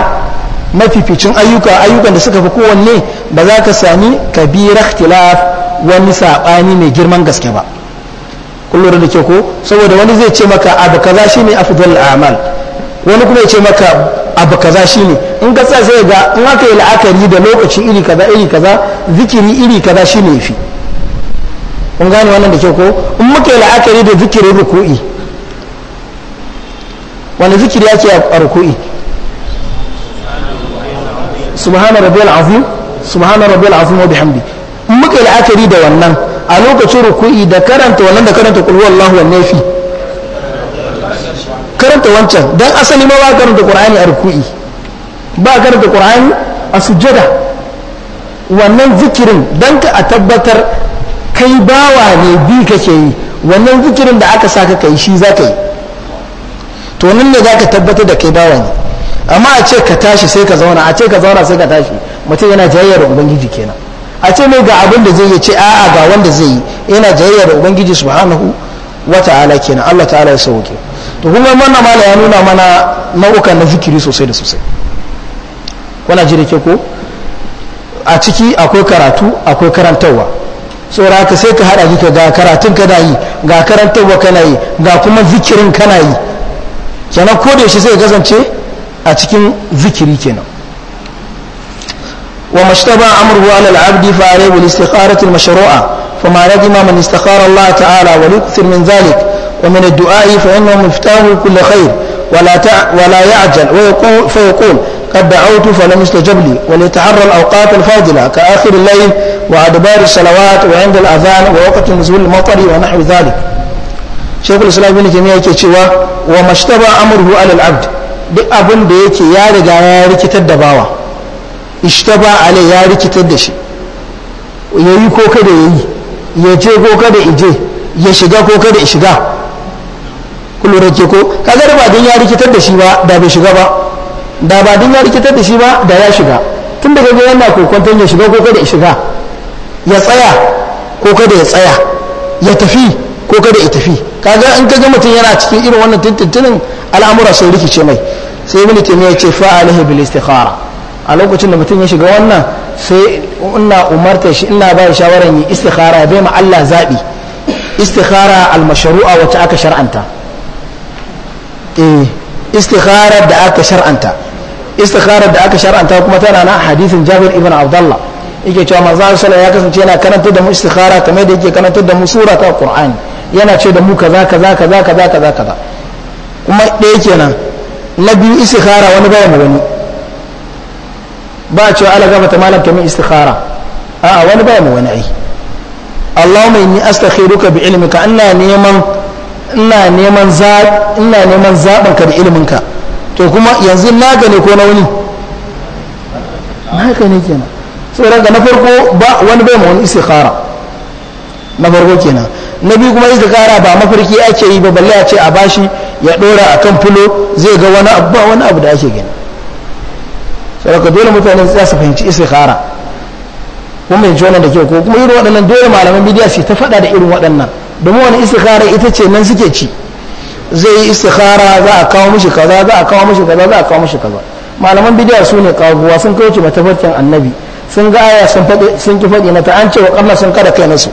mafificin ayyuka ayyukan da suka fi kowanne ba za ka sami kabira ikhtilaf wani sabani mai girman gaske ba kullum da ke ko saboda wani zai ce maka abu kaza shine afdalil a'mal wani kuma ya ce maka abu kaza shine in ka sa sai ga in aka yi la'akari da lokaci iri kaza iri kaza zikiri iri kaza shine fi kun gane wannan da kyau ko in muka yi la'akari da zikirin ruku'i wani zikiri ke a ruku'i subhana rabbiyal azim subhana rabbiyal azim wa bihamdi in muka yi la'akari da wannan a lokacin ruku'i da karanta wannan da karanta qul huwallahu wan karanta wancan don asali ma ba karanta ƙura'ani a ruku'i ba karanta ƙura'ani a sujada wannan zikirin don ka a tabbatar kai bawa ne bi kake yi wannan zikirin da aka saka kai shi za ka yi to nan ne za ka tabbatar da kai bawa ne amma a ce ka tashi sai ka zauna a ce ka zauna sai ka tashi mutum yana jayayya da ubangiji kenan a ce mai ga abin da zai yi ce a'a ga wanda zai yi yana jayayya da ubangiji subhanahu wata ala kenan Allah ta'ala ya sauke to kuma mana mala ya nuna mana nau'ukan na zikiri sosai da sosai kuna ji ke ko a ciki akwai karatu akwai karantarwa saboda ka sai ka hada ka ga karatun kana yi ga karantarwa kana yi ga kuma zikirin kana yi kenan ko da yaushe sai kasance a cikin zikiri kenan wa mashtaba amru ala al-abdi fa alayhi bil istiqarati al-mashru'a فما ندم من استخار الله تعالى وليكثر من ذلك ومن الدعاء فإنه مفتاح كل خير ولا تع ولا يعجل ويقول فيقول قد دعوت فلم يستجب لي وليتحرى الأوقات الفاضلة كآخر الليل وأدبار الصلوات وعند الأذان ووقت نزول المطر ونحو ذلك شيخ الإسلام ابن تيمية كتشوى وما اشتبه أمره على العبد duk abin da yake ya riga ya rikitar da bawa ishtaba alai ya rikitar da shi yayi ko kada yayi ya ce ko kada ije ya shiga ko kada ya shiga kullum ke ko kaga da ba ya rikitar da shi ba da bai shiga ba da ba ya rikitar da shi ba da ya shiga tun daga ga yana kokonton ya shiga ko kada ya shiga ya tsaya ko kada ya tsaya ya tafi ko kada ya tafi kaga in kaga mutum yana cikin irin wannan tuntuntunin al'amura sun rikice mai sai ibnu taymiya ya ce fa'alihi bil istikhara a lokacin da mutum ya shiga wannan sai ina umarta shi ina ba shi shawaran yi istikhara ya bai ma Allah zabi istikhara al-mashru'a wacce aka shar'anta eh istikhara da aka shar'anta istikhara da aka shar'anta kuma tana na hadisin Jabir ibn Abdullah yake cewa manzo Allah sallallahu ya kasance yana karanta da mu istikhara kamar da yake karantar da mu sura ta Qur'ani yana ce da mu kaza kaza kaza kaza kaza kaza kuma ɗaya kenan na biyu istikhara wani bayan wani ba cewa ala gaba ta malam kamin istikhara a'a wani ba mu wani ai Allahumma inni astakhiruka bi ilmika ina neman ina neman za ina neman zaban ka da ilmin ka to kuma yanzu na gane ko na wani naka ne kenan saboda na farko ba wani bai wani istikhara na farko kenan na biyu kuma istikhara ba mafarki ake yi ba balle a ce a bashi ya dora akan fulo zai ga wani abu ba wani abu da ake gani saboda dole mutane za su fahimci istikhara kuma yanci wannan da ke ko kuma irin waɗannan dole malaman bidiya su ta faɗa da irin waɗannan domin wani istikhara ita ce nan suke ci zai yi istikhara za a kawo mishi kaza za a kawo mishi kaza za a kawo mishi kaza malaman bidiya su ne kaguwa sun kauce matafarkin annabi sun ga aya sun ki faɗi na ta an wa ƙarna sun kada kai nasu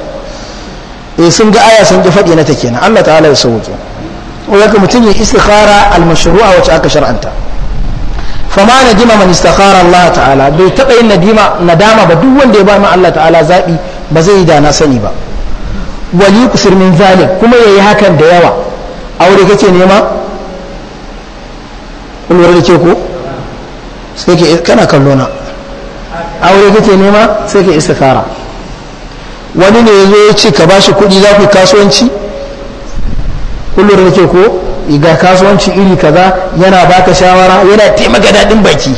eh sun ga aya sun ki faɗi na ta kenan Allah ta'ala ya sauke ko yaka mutum ya istikhara al-mashru'a wacce aka shar'anta fama na jima man istakhara Allah ta'ala bai taɓa yin nadama ba duk wanda ya ba ma Allah ta'ala zaɓi ba zai yi da na sani ba wali kusur min kuma ya yi hakan da yawa aure kake nema kulwar da ke kana kallo na aure kake nema sai ke wani ne ya zo ya ce ka bashi kuɗi za kasuwanci da ke ko ga kasuwanci iri kaza yana baka shawara yana taimaka daɗin baki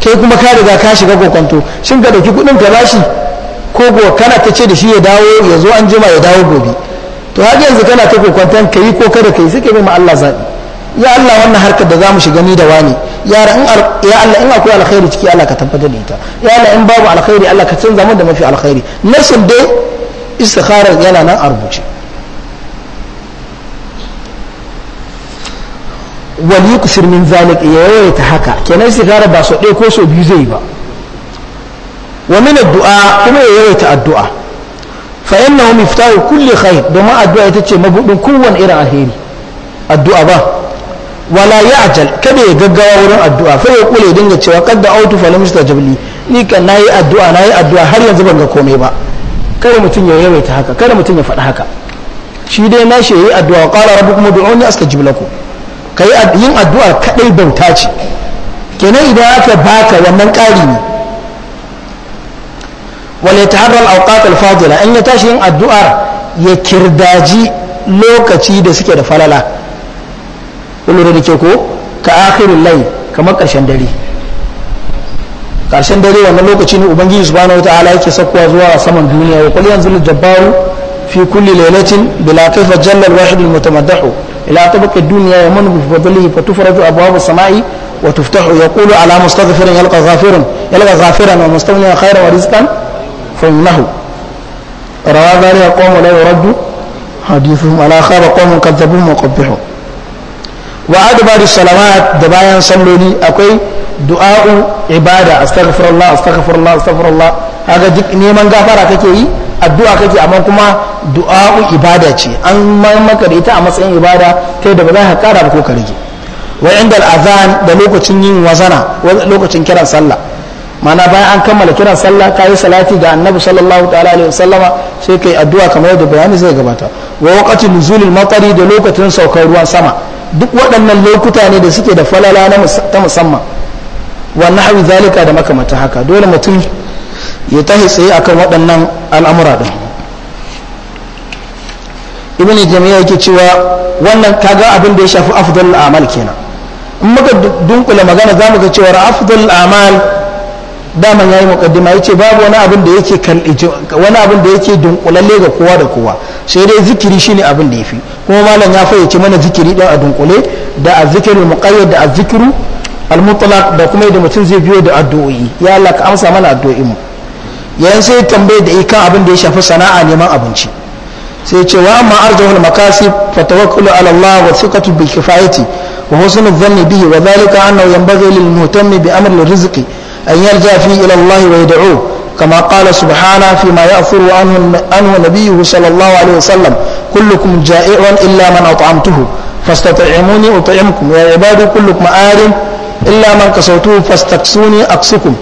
kai kuma ka riga ka shiga kokonto shin ka dauki kuɗin ka bashi ko ko kana ta ce da shi ya dawo ya zo an jima ya dawo gobe to har yanzu kana ta kokonton ka yi ko kada ka yi suke bai ma Allah zaɓi ya Allah wannan harkar da zamu shiga ni da wani yara in ya Allah in akwai alkhairi ciki Allah ka tabbatar da ita ya Allah in babu alkhairi Allah ka canza mu da mafi alkhairi nashin dai istikharar yana nan a rubuce wali yuksir min zalik ya yawaita haka kenan sigara ba so ɗaya ko so biyu zai ba wa min addu'a kuma ya yawaita addu'a fa innahu miftahu kulli khair domin addu'a ita ce mabudin kowanne irin alheri addu'a ba wala ya'jal kada ya gaggawa wurin addu'a fa ya kula dinga cewa kadda autu fa lam yastajib li ni kan nayi addu'a nayi addu'a har yanzu ban ga komai ba kada mutum ya yawaita haka kada mutum ya faɗa haka shi dai na shi yi addu'a qala rabbukum ud'uni astajib lakum kai yin addu'a kaɗai bauta ce kenan idan aka baka wannan ƙari ne wale ta al awqat al an ya tashi yin addu'ar ya kirdaji lokaci da suke da falala kullure da ke ko ka akhirul lai kamar ƙarshen dare ƙarshen dare wannan lokaci ne ubangiji subhanahu wataala yake sakkowa zuwa saman duniya wa qul yanzulu jabbaru fi kulli lailatin bila kayfa jalla wahid al mutamaddahu إلى طبق الدنيا يمن بفضله فتفرج أبواب السماء وتفتح يقول على مستغفر يلقى غافر يلقى غافرا ومستغنيا خيرا ورزقا فإنه روى ذلك قوم لا يرد حديثهم على خاب قوم كذبوهم وقبحوا وأدبر الصلوات دبايا صلوني أكوي دعاء عبادة أستغفر الله أستغفر الله أستغفر الله هذا ديك نيمان غفرة كي addu'a kake amma kuma du'a'u ibada ce an maka da ita a matsayin ibada ta da ba za ka kara ba ko ka rage wa inda al'azan da lokacin yin wazana lokacin kiran sallah mana bayan an kammala kiran sallah ka yi salati ga annabi sallallahu ta'ala alaihi wasallama sai kai addu'a kamar yadda bayani zai gabata wa waqati nuzulil matari da lokacin saukar ruwan sama duk waɗannan lokuta ne da suke da falala ta musamman wa nahwi zalika da makamata haka dole mutum ya tahi tsaye akan waɗannan al'amura ɗin ibn jami'a yake cewa wannan kaga abin da ya shafi afdal amal kenan in muka dunkula magana za mu ga cewa afdal amal daman yayi ya ce babu wani abin da yake wani abin da yake dunkulalle ga kowa da kowa sai dai zikiri shine abin da ya fi kuma malam ya fayyace mana zikiri ɗin a dunkule da a zikiri muƙayyar da a zikiru al-mutlaq da kuma yadda mutum zai biyo da addu'o'i ya Allah ka amsa mana addu'o'in mu yanzu sai tambaye da ikan abin da ya shafi sana'a neman abinci sai ce wa amma arzuhul makasib fa tawakkalu ala Allah wa thiqatu bi kifayati wa husnu dhanni bihi wa dhalika annahu yanbaghi lil mutammi bi amri rizqi an yalja fi ila Allah wa yad'u kama qala subhana fi ma ya'thuru anhu anhu nabiyyu sallallahu alayhi wa sallam kullukum ja'i'un illa man at'amtuhu fastat'imuni wa ya'badu kullukum arim illa man kasawtuhu fastaksuni aksukum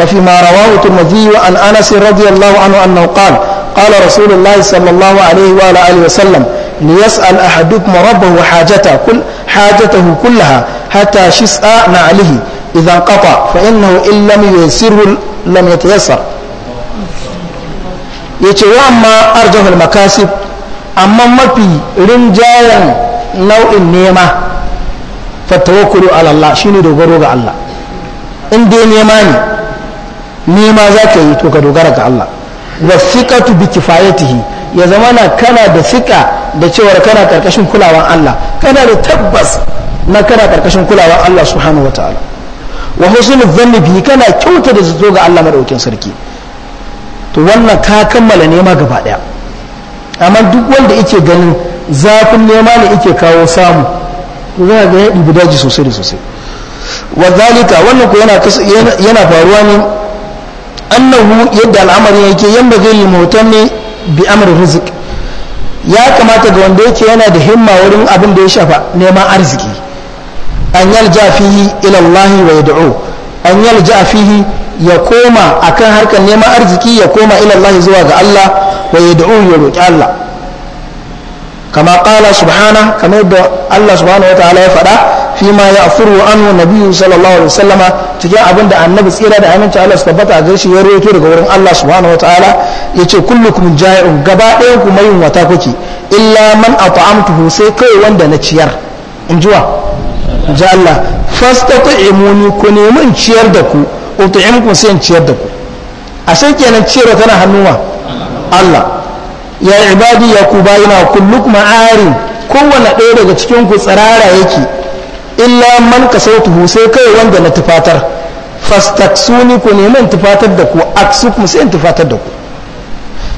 وفيما رواه الترمذي عن أنس رضي الله عنه أنه قال قال رسول الله صلى الله عليه وعلى آله وسلم ليسأل أحدكم ربه حاجته كل حاجته كلها حتى شساء نعله إذا انقطع فإنه إن لم يسر لم يتيسر yace wa amma arjahul makasib amma mafi rinjayen nau'in nema fattawakkulu ala Allah shine dogaro ga Allah in dai nema ne nema za ka yi to ka dogara ga Allah wa bi kifayatihi ya zama na kana da sika da cewar kana karkashin kulawan Allah kana da tabbas na kana karkashin kulawan Allah subhanahu wataala wa husnul dhanni bihi kana kyauta da zato ga Allah madaukin sarki to wannan ka kammala nema gaba daya amma duk wanda yake ganin zafin nema ne yake kawo samu za ga ya daji sosai da sosai wa zalika wannan ko yana faruwa ne annahu yadda al'amarin yake yanda zai limotan ne bi amr rizik ya kamata ga wanda yake yana da himma wurin abin da ya shafa neman arziki an yalja fihi ila wa yad'u an yalja fihi ya koma akan harkar neman arziki ya koma ila zuwa ga Allah wa yad'u ya roki Allah kama qala subhana kamar da Allah subhanahu wataala ya faɗa fi ma ya afuru anhu nabiyyu sallallahu alaihi wasallam cikin abin da annabi tsira da aminci Allah suka bata a gaishe ya rawaito daga wurin Allah subhanahu wataala yace kullukum ja'i'un gaba ɗayan ku mayun wata kuke illa man at'amtuhu sai kai wanda na ciyar in jiwa ja Allah fastat'imuni ku nemi in ciyar da ku ut'imku sai in ciyar da ku a san kenan ciyarwa tana hannuwa Allah ya ibadi ya ku bayina kullukum arin kowane ɗaya daga cikin ku tsirara yake illa man sautuhu sai kai wanda na tufatar fastaksuni ku neman tufatar da ku aksukum sai in tufatar da ku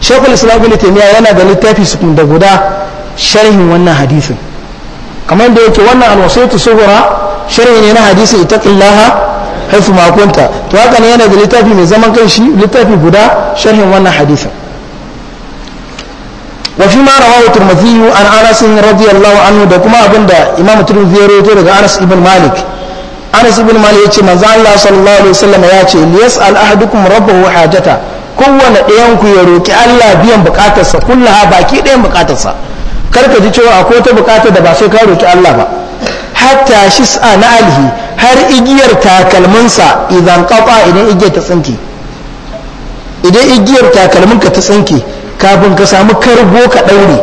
shekul islam ibn taymiya yana da littafi sukun da guda sharhin wannan hadisin kamar da yake wannan alwasaitu sughra sharhi ne na hadisin ita haythu ma kunta to haka ne yana da littafi mai zaman kanshi littafi guda sharhin wannan hadisin wa fi ma rawahu turmazi an anas radiyallahu anhu da kuma abinda imam turmazi ya rawaito daga anas ibn malik anas ibn malik yace manzo Allah sallallahu alaihi wasallam ya ce liyas'al ahadukum rabbahu hajata kowanne ɗayan ku ya roki Allah biyan bukatarsa kullaha baki ɗayan bukatarsa kar ka ji cewa akwai ta bukatar da ba sai ka roki Allah ba hatta shis'a na alhi har igiyar takalminsa idan kafa idan igiyar ta tsinke idan igiyar takalminka ta tsinke kafin ka samu kargo ka ɗaure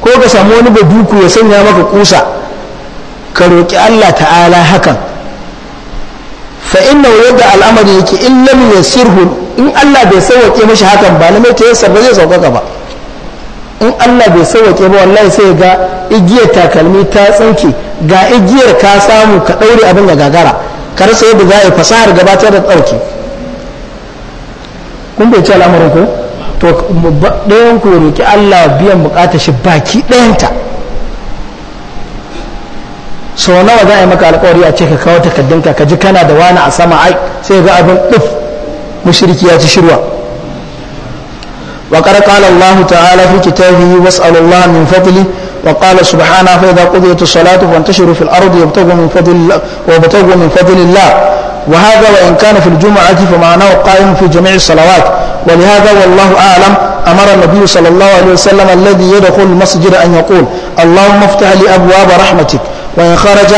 ko ka samu wani baduku ya sanya maka kusa ka roƙi Allah ta'ala hakan fa inna yadda al'amari yake in lam yasirhu in Allah bai sauke mashi hakan ba lamai ta yasa ba zai sauƙaƙa ba in Allah bai sauke ba wallahi sai ga igiyar takalmi ta tsinke ga igiyar ka samu ka ɗaure abin da gagara ka rasa yadda za a yi fasahar gabatar da ɗauki kun bai ci al'amarin ko to ɗayan ku roƙi Allah biyan buƙatar shi baki ɗayanta sau nawa za a yi maka alƙawari a ce ka kawo takaddunka ka ji kana da wani a sama ai sai ga abin ɗuf mushriki ya ci shirwa وقد قال الله تعالى في كتابه واسأل الله من فضله وقال سبحانه فإذا قضيت الصلاة فانتشروا في الأرض وابتغوا من فضل الله وابتغوا من فضل الله وهذا وإن كان في الجمعة فمعناه قائم في جميع الصلوات ولهذا والله أعلم أمر النبي صلى الله عليه وسلم الذي يدخل المسجد أن يقول اللهم افتح لي أبواب رحمتك وإن خرج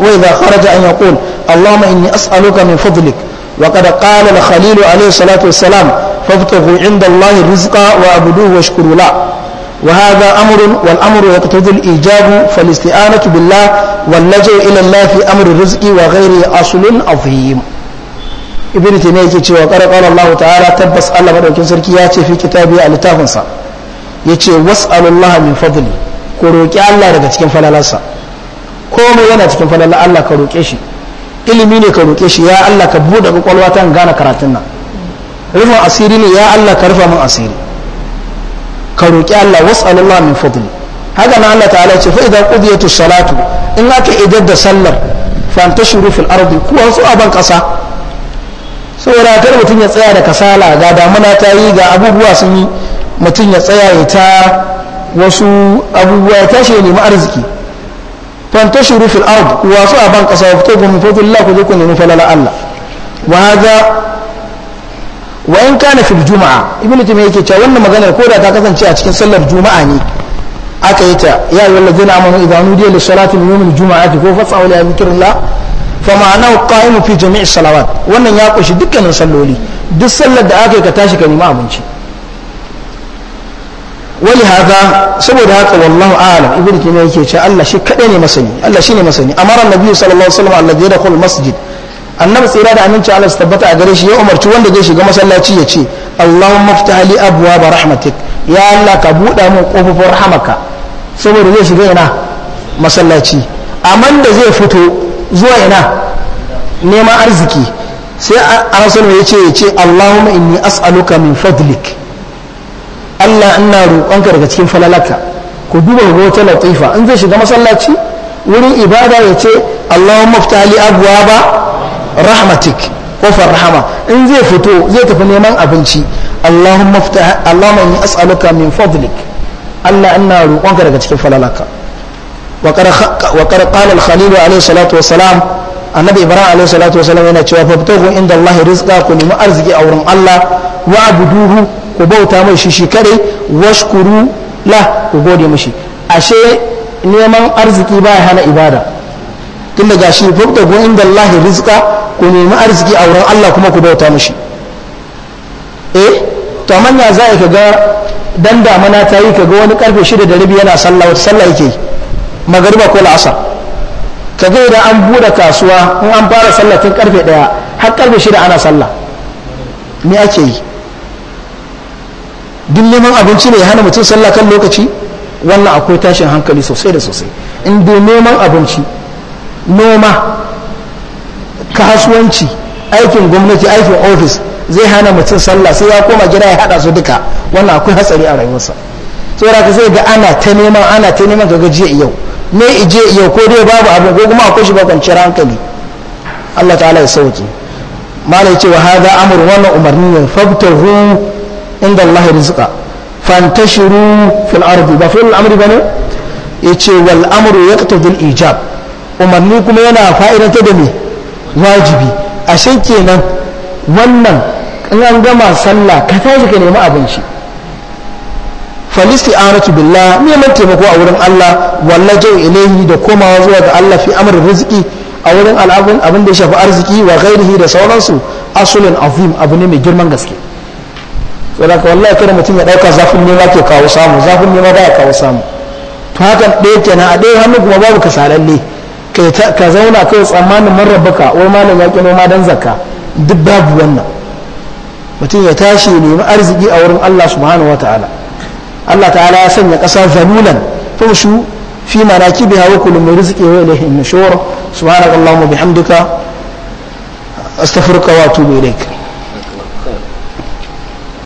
وإذا خرج أن يقول اللهم إني أسألك من فضلك وقد قال الخليل عليه الصلاة والسلام فابتغوا عند الله الرزق وأبدوه واشكروا له وهذا أمر والأمر يقتضي الإيجاب فالاستعانة بالله واللجوء إلى الله في أمر الرزق وغيره أصل عظيم ibn taymiya yake cewa qara Allahu ta'ala tabbas Allah madaukin sarki ya ce fi kitabi a littafinsa Ya yace was'alullaha min fadli ko roƙi Allah daga cikin falalarsa komai yana cikin falalar Allah ka roƙe shi ilimi ne ka roƙe shi ya Allah ka bude ƙwaƙwalwa ta gane karatun nan rufin asiri ne ya Allah ka rufa min asiri ka roƙi Allah was'alullaha min fadli haka na Allah ta'ala ce fa idan qudiyatu salatu in aka idar da sallar fantashiru fil ardi ku wasu aban kasa saboda kar mutum ya tsaya da kasala ga damuna ta yi ga abubuwa sun yi mutum ya tsaya ya ta wasu abubuwa ya tashi ya nemi arziki fantashiru fil ard ku su a ban kasa fito ku min fadlillah ku je ku nemi falala Allah wa hada wa in kana fil juma'a ibnu taymiya yake cewa wannan maganar ko da ta kasance a cikin sallar juma'a ne aka yi ta ya ayyuhal ladzina amanu idza nudiya lis salati min yawmil juma'ati ko fas'alu ila dhikrillah fa ma'ana qa'imu fi jami'i salawat wannan ya kunshi dukkanin salloli duk sallar da aka yi ka tashi ka nemi abinci wani haka saboda haka wallahu a'lam ibnu kimiyya yake cewa Allah shi ne masani Allah shine masani amara annabi sallallahu alaihi wasallam alladhi yadkhulu masjid annabi tsira da aminci Allah tabbata a gare shi ya umarci wanda zai shiga masallaci ya ce Allahumma iftah li abwaaba rahmatik ya Allah ka buɗa min kofofin rahamaka saboda zai shiga yana masallaci amma da zai fito zuwa ina neman arziki sai arasul ya ce ya ce Allahumma inni as'aluka min fadlik Allah ina roƙonka daga cikin falalaka ku duba wata latifa in zai shiga masallaci wurin ibada ya ce Allahumma ftali ba rahmatik kofar rahama in zai fito zai tafi neman abinci Allahumma ftah Allahumma inni as'aluka min fadlik Allah ina roƙonka daga cikin falalaka وقد قال الخليل عليه الصلاة والسلام annabi ibrahim alaihi salatu wasallam yana cewa fabtahu inda allah rizqa ku nemi arziki a wurin allah wa abuduhu ku bauta mai shi kare washkuru la ku gode mishi ashe neman arziki ba ya hana ibada tun daga shi fabtahu inda allah ku nemi arziki a wurin allah kuma ku bauta mishi E? to manya za ka ga dan ta yi ka ga wani karfe shida da rabi yana sallah wata sallah yake yi magariba ko la'asar ka ga idan an buɗe kasuwa in an fara sallah tun karfe ɗaya har karfe shida ana sallah me ake yi duk neman abinci ne ya hana mutum sallah kan lokaci wannan akwai tashin hankali sosai da sosai in dai neman abinci noma kasuwanci aikin gwamnati aikin ofis zai hana mutum sallah sai ya koma gida ya hada su duka wannan akwai hatsari a rayuwarsa saboda ka sai ga ana ta neman ana ta neman ga gajiya yau me ije ya ko dai babu abu ko kuma akwai shi ba hankali Allah ta'ala ya sauke malai cewa hada amur wannan umarni ne fabtahu inda Allah ya rizqa fantashiru fil ardi ba fil amri bane yace wal amru yaqtadi al ijab umarni kuma yana ta da me wajibi ashe kenan wannan in an gama sallah ka tashi ka nemi abinci falisti anatu neman taimako a wurin Allah wallajau ilaihi da komawa zuwa ga Allah fi amrin riziki a wurin al'abun abin da ya shafi arziki wa ghairihi da sauransu asulin azim abu ne mai girman gaske saboda wallahi kada mutum ya dauka zafin nema ke kawo samu zafin nema baya kawo samu to hakan ɗaya kenan a ɗaya hannu kuma babu kasalalle ka zauna kai tsammanin marrabaka wai malam ya noma dan zakka duk babu wannan mutum ya tashi nemi arziki a wurin Allah subhanahu wataala Allah ta'ala ya sanya ƙasa zalulan fushu fi manakibiha wa kullu min rizqi wa ilayhi an-nushur subhanakallahumma bihamdika astaghfiruka wa atubu ilayk